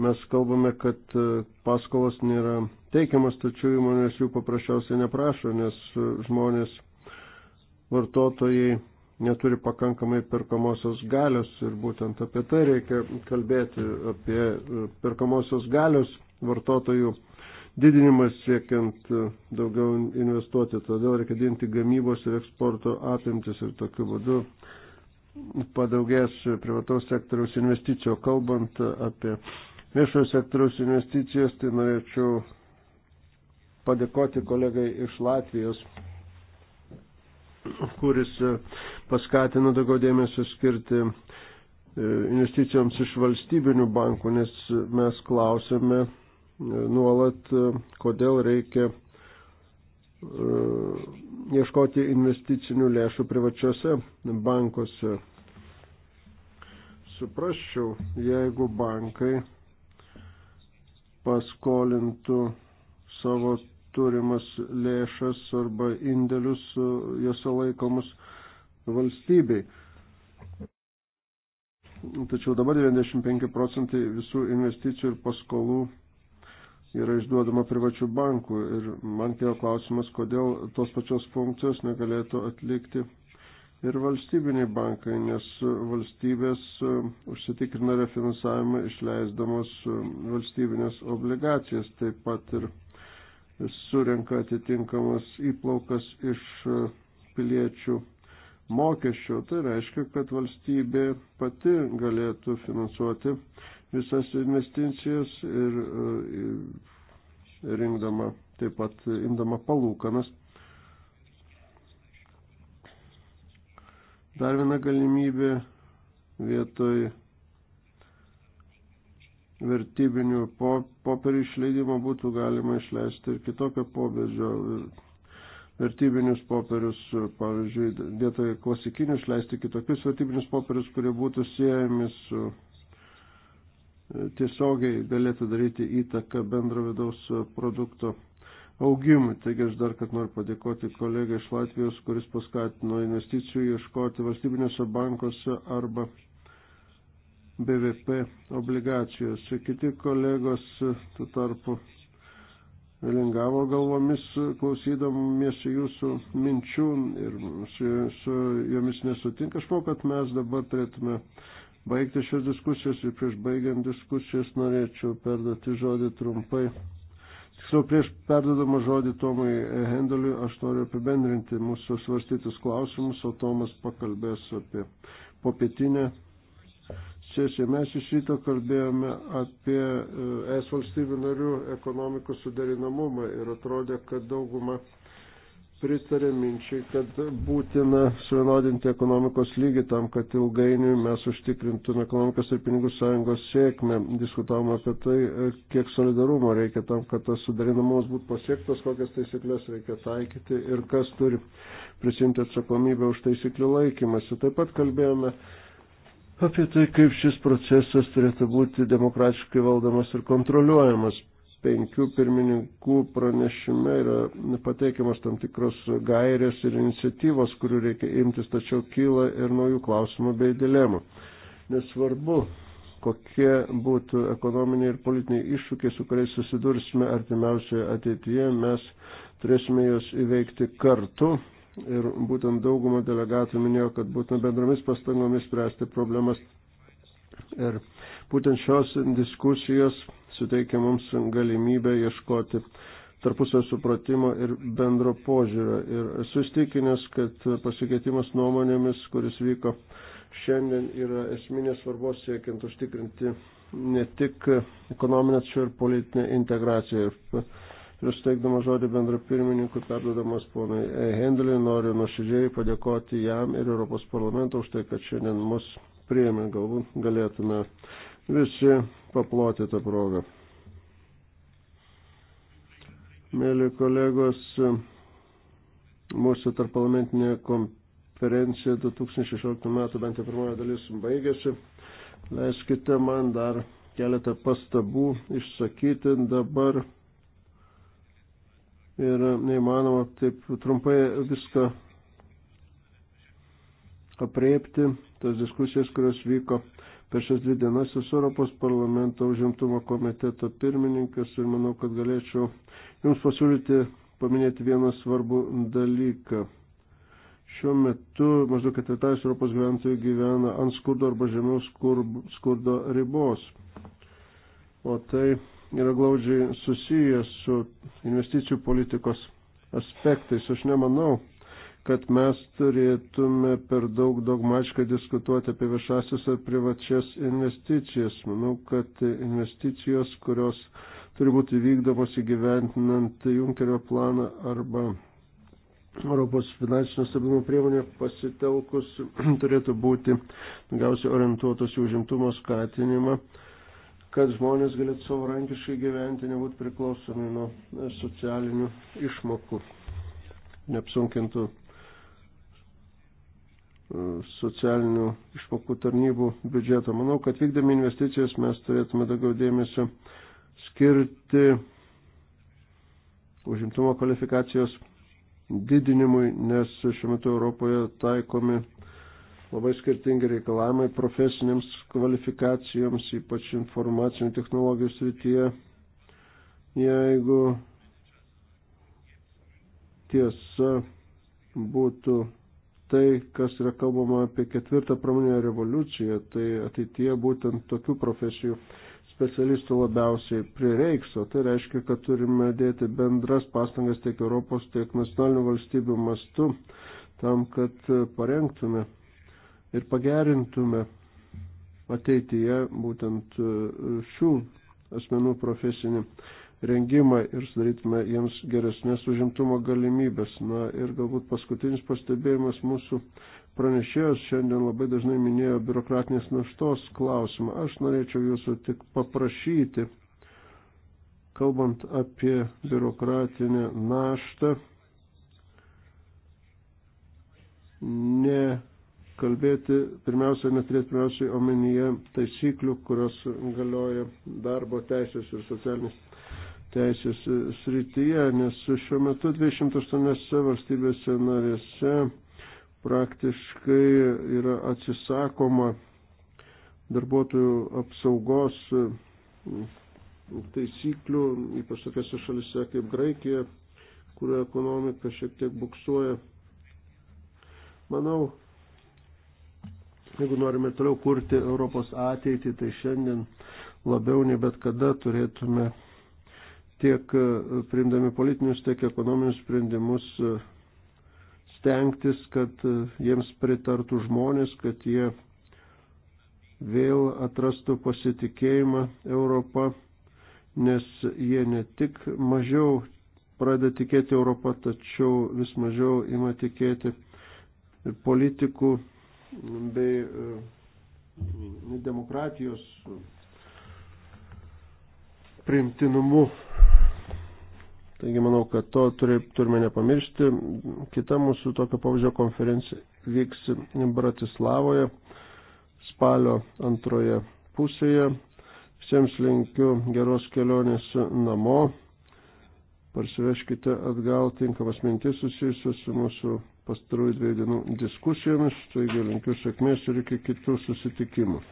Mes kalbame, kad paskolos nėra teikiamas, tačiau įmonės jų paprasčiausiai neprašo, nes žmonės, vartotojai neturi pakankamai perkamosios galios ir būtent apie tai reikia kalbėti, apie perkamosios galios vartotojų didinimas siekiant e, daugiau investuoti. Todėl reikia didinti gamybos ir eksporto apimtis ir tokiu būdu padaugės privataus sektoriaus investicijų. Kalbant apie viešojo sektoriaus investicijas, tai norėčiau padėkoti kolegai iš Latvijos kuris e, paskatino daugiau dėmesio skirti e, investicijoms iš valstybinių bankų, nes mes klausėme nuolat, e, kodėl reikia e, ieškoti investicinių lėšų privačiose bankuose. Suprasčiau, jeigu bankai paskolintų savo turimas lėšas arba indėlius e, juose laikomus valstybei. Tačiau dabar 95 procentai visų investicijų ir paskolų yra išduodama privačių bankų. Ir man kėjo klausimas, kodėl tos pačios funkcijos negalėtų atlikti ir valstybiniai bankai, nes valstybės e, užsitikrina refinansavimą išleisdamos e, valstybinės obligacijas, taip pat ir surenka atitinkamas įplaukas iš e, piliečių mokesčio. Tai reiškia, kad valstybė pati galėtų finansuoti visas investicijas e, ir rinkdama taip pat imdama palūkanas. Dar viena galimybė vietoj vertybinių popierių išleidimo būtų galima išleisti ir kitokio pobėdžio vertybinius popierius, pavyzdžiui, vietoje klasikinių išleisti kitokius vertybinius popierius, kurie būtų siejami su tiesiogiai galėtų daryti įtaką bendro vidaus produkto augimui. Taigi aš dar kad noriu padėkoti kolegai iš Latvijos, kuris paskatino investicijų ieškoti valstybinėse bankose arba BVP obligacijose. Kiti kolegos tuo tarpu lingavo galvomis klausydamiesi jūsų minčių ir su, su jomis nesutinka. Aš manau, kad mes dabar turėtume baigti šios diskusijos ir prieš baigiant diskusijas norėčiau perduoti žodį trumpai. Tiksliau, prieš perdodamą žodį Tomai Hendeliui aš noriu apibendrinti mūsų svarstytus klausimus, o Tomas pakalbės apie popietinę sesiją. Mes iš ryto kalbėjome apie e, es valstybių narių ekonomikos suderinamumą ir atrodė, kad dauguma pritarė minčiai, kad būtina suvienodinti ekonomikos lygį tam, kad ilgainiui mes užtikrintume ekonomikos ir pinigų sąjungos sėkmę. Diskutavome apie tai, kiek solidarumo reikia tam, kad tas sudarinamumas būtų pasiektas, kokias taisyklės reikia taikyti ir kas turi prisimti atsakomybę už taisyklių laikymasi. Taip pat kalbėjome apie tai, kaip šis procesas turėtų būti demokratiškai valdomas ir kontroliuojamas penkių pirmininkų pranešime yra pateikiamas tam tikros gairės ir iniciatyvos, kurių reikia imtis, tačiau kyla ir naujų klausimų bei dilemų. Nesvarbu, kokie būtų ekonominiai ir politiniai iššūkiai, su kuriais susidursime artimiausioje ateityje, mes turėsime juos įveikti kartu. Ir būtent dauguma delegatų minėjo, kad būtent bendromis pastangomis spręsti problemas. Ir būtent šios diskusijos suteikia mums galimybę ieškoti tarpusio supratimo ir bendro požiūrio. Ir esu įstikinęs, kad pasikeitimas nuomonėmis, kuris vyko šiandien, yra esminės svarbos siekiant užtikrinti ne tik ekonominę, tačiau ir politinę integraciją. Ir prieš teikdama žodį bendra pirmininkui, perdodamas ponai Hendeliui, noriu nuoširdžiai padėkoti jam ir Europos parlamento už tai, kad šiandien mus priėmė. Galbūt galėtume visi paploti tą progą. Mėly kolegos, mūsų tarpalamentinė konferencija 2016 metų bent jau pirmoji dalis baigėsi. Leiskite man dar keletą pastabų išsakyti dabar. Ir neįmanoma taip trumpai viską apriepti, tas diskusijas, kurios vyko per šias dvi dienas esu Europos parlamento užimtumo komiteto pirmininkas ir manau, kad galėčiau Jums pasiūlyti paminėti vieną svarbų dalyką. Šiuo metu maždaug ketvirtais Europos gyventojų gyvena ant skurdo arba žemiau skurdo ribos. O tai yra glaudžiai susijęs su investicijų politikos aspektais. Aš nemanau, kad mes turėtume per daug dogmačkai diskutuoti apie viešasias ar privačias investicijas. Manau, kad investicijos, kurios turi būti vykdomos įgyventinant Junkerio planą arba Europos finansinio stabilumo priemonė pasitelkus turėtų būti gausiai orientuotos į užimtumo skatinimą kad žmonės galėtų savarankiškai gyventi, nebūtų priklausomi nuo socialinių išmokų, neapsunkintų E, socialinių išmokų tarnybų biudžeto. Manau, kad vykdami investicijas mes turėtume daugiau dėmesio skirti užimtumo kvalifikacijos didinimui, nes šiuo metu Europoje taikomi labai skirtingi reikalavimai profesinėms kvalifikacijoms, ypač informacinių technologijų srityje. Jeigu tiesa būtų tai, kas yra kalbama apie ketvirtą pramoninę revoliuciją, tai ateityje būtent tokių profesijų specialistų labiausiai prireiks, o tai reiškia, kad turime dėti bendras pastangas tiek Europos, tiek nacionalinių valstybių mastu tam, kad parengtume ir pagerintume ateityje būtent šių asmenų profesinį rengimą ir sudarytume jiems geresnės užimtumo galimybės. Na ir galbūt paskutinis pastebėjimas mūsų pranešėjas šiandien labai dažnai minėjo biurokratinės naštos klausimą. Aš norėčiau jūsų tik paprašyti, kalbant apie biurokratinę naštą, ne kalbėti, pirmiausia, neturėti pirmiausiai omenyje taisyklių, kurios galioja darbo teisės ir socialinės teisės srityje, nes šiuo metu 208 valstybėse narėse praktiškai yra atsisakoma darbuotojų apsaugos taisyklių, ypač tokiose šalise kaip Graikija, kurio ekonomika šiek tiek buksuoja. Manau, jeigu norime toliau kurti Europos ateitį, tai šiandien labiau nei bet kada turėtume tiek e, priimdami politinius, tiek ekonominius sprendimus e, stengtis, kad e, jiems pritartų žmonės, kad jie vėl atrastų pasitikėjimą Europą, nes jie ne tik mažiau pradeda tikėti Europą, tačiau vis mažiau ima tikėti politikų bei demokratijos priimtinumu Taigi manau, kad to turime nepamiršti. Kita mūsų tokio pavyzdžio konferencija vyks Bratislavoje spalio antroje pusėje. Visiems linkiu geros kelionės namo. Parsiveškite atgal tinkamas mintis susijusios su mūsų pastarųjų dviejų dienų diskusijomis. Taigi linkiu sėkmės ir iki kitų susitikimų.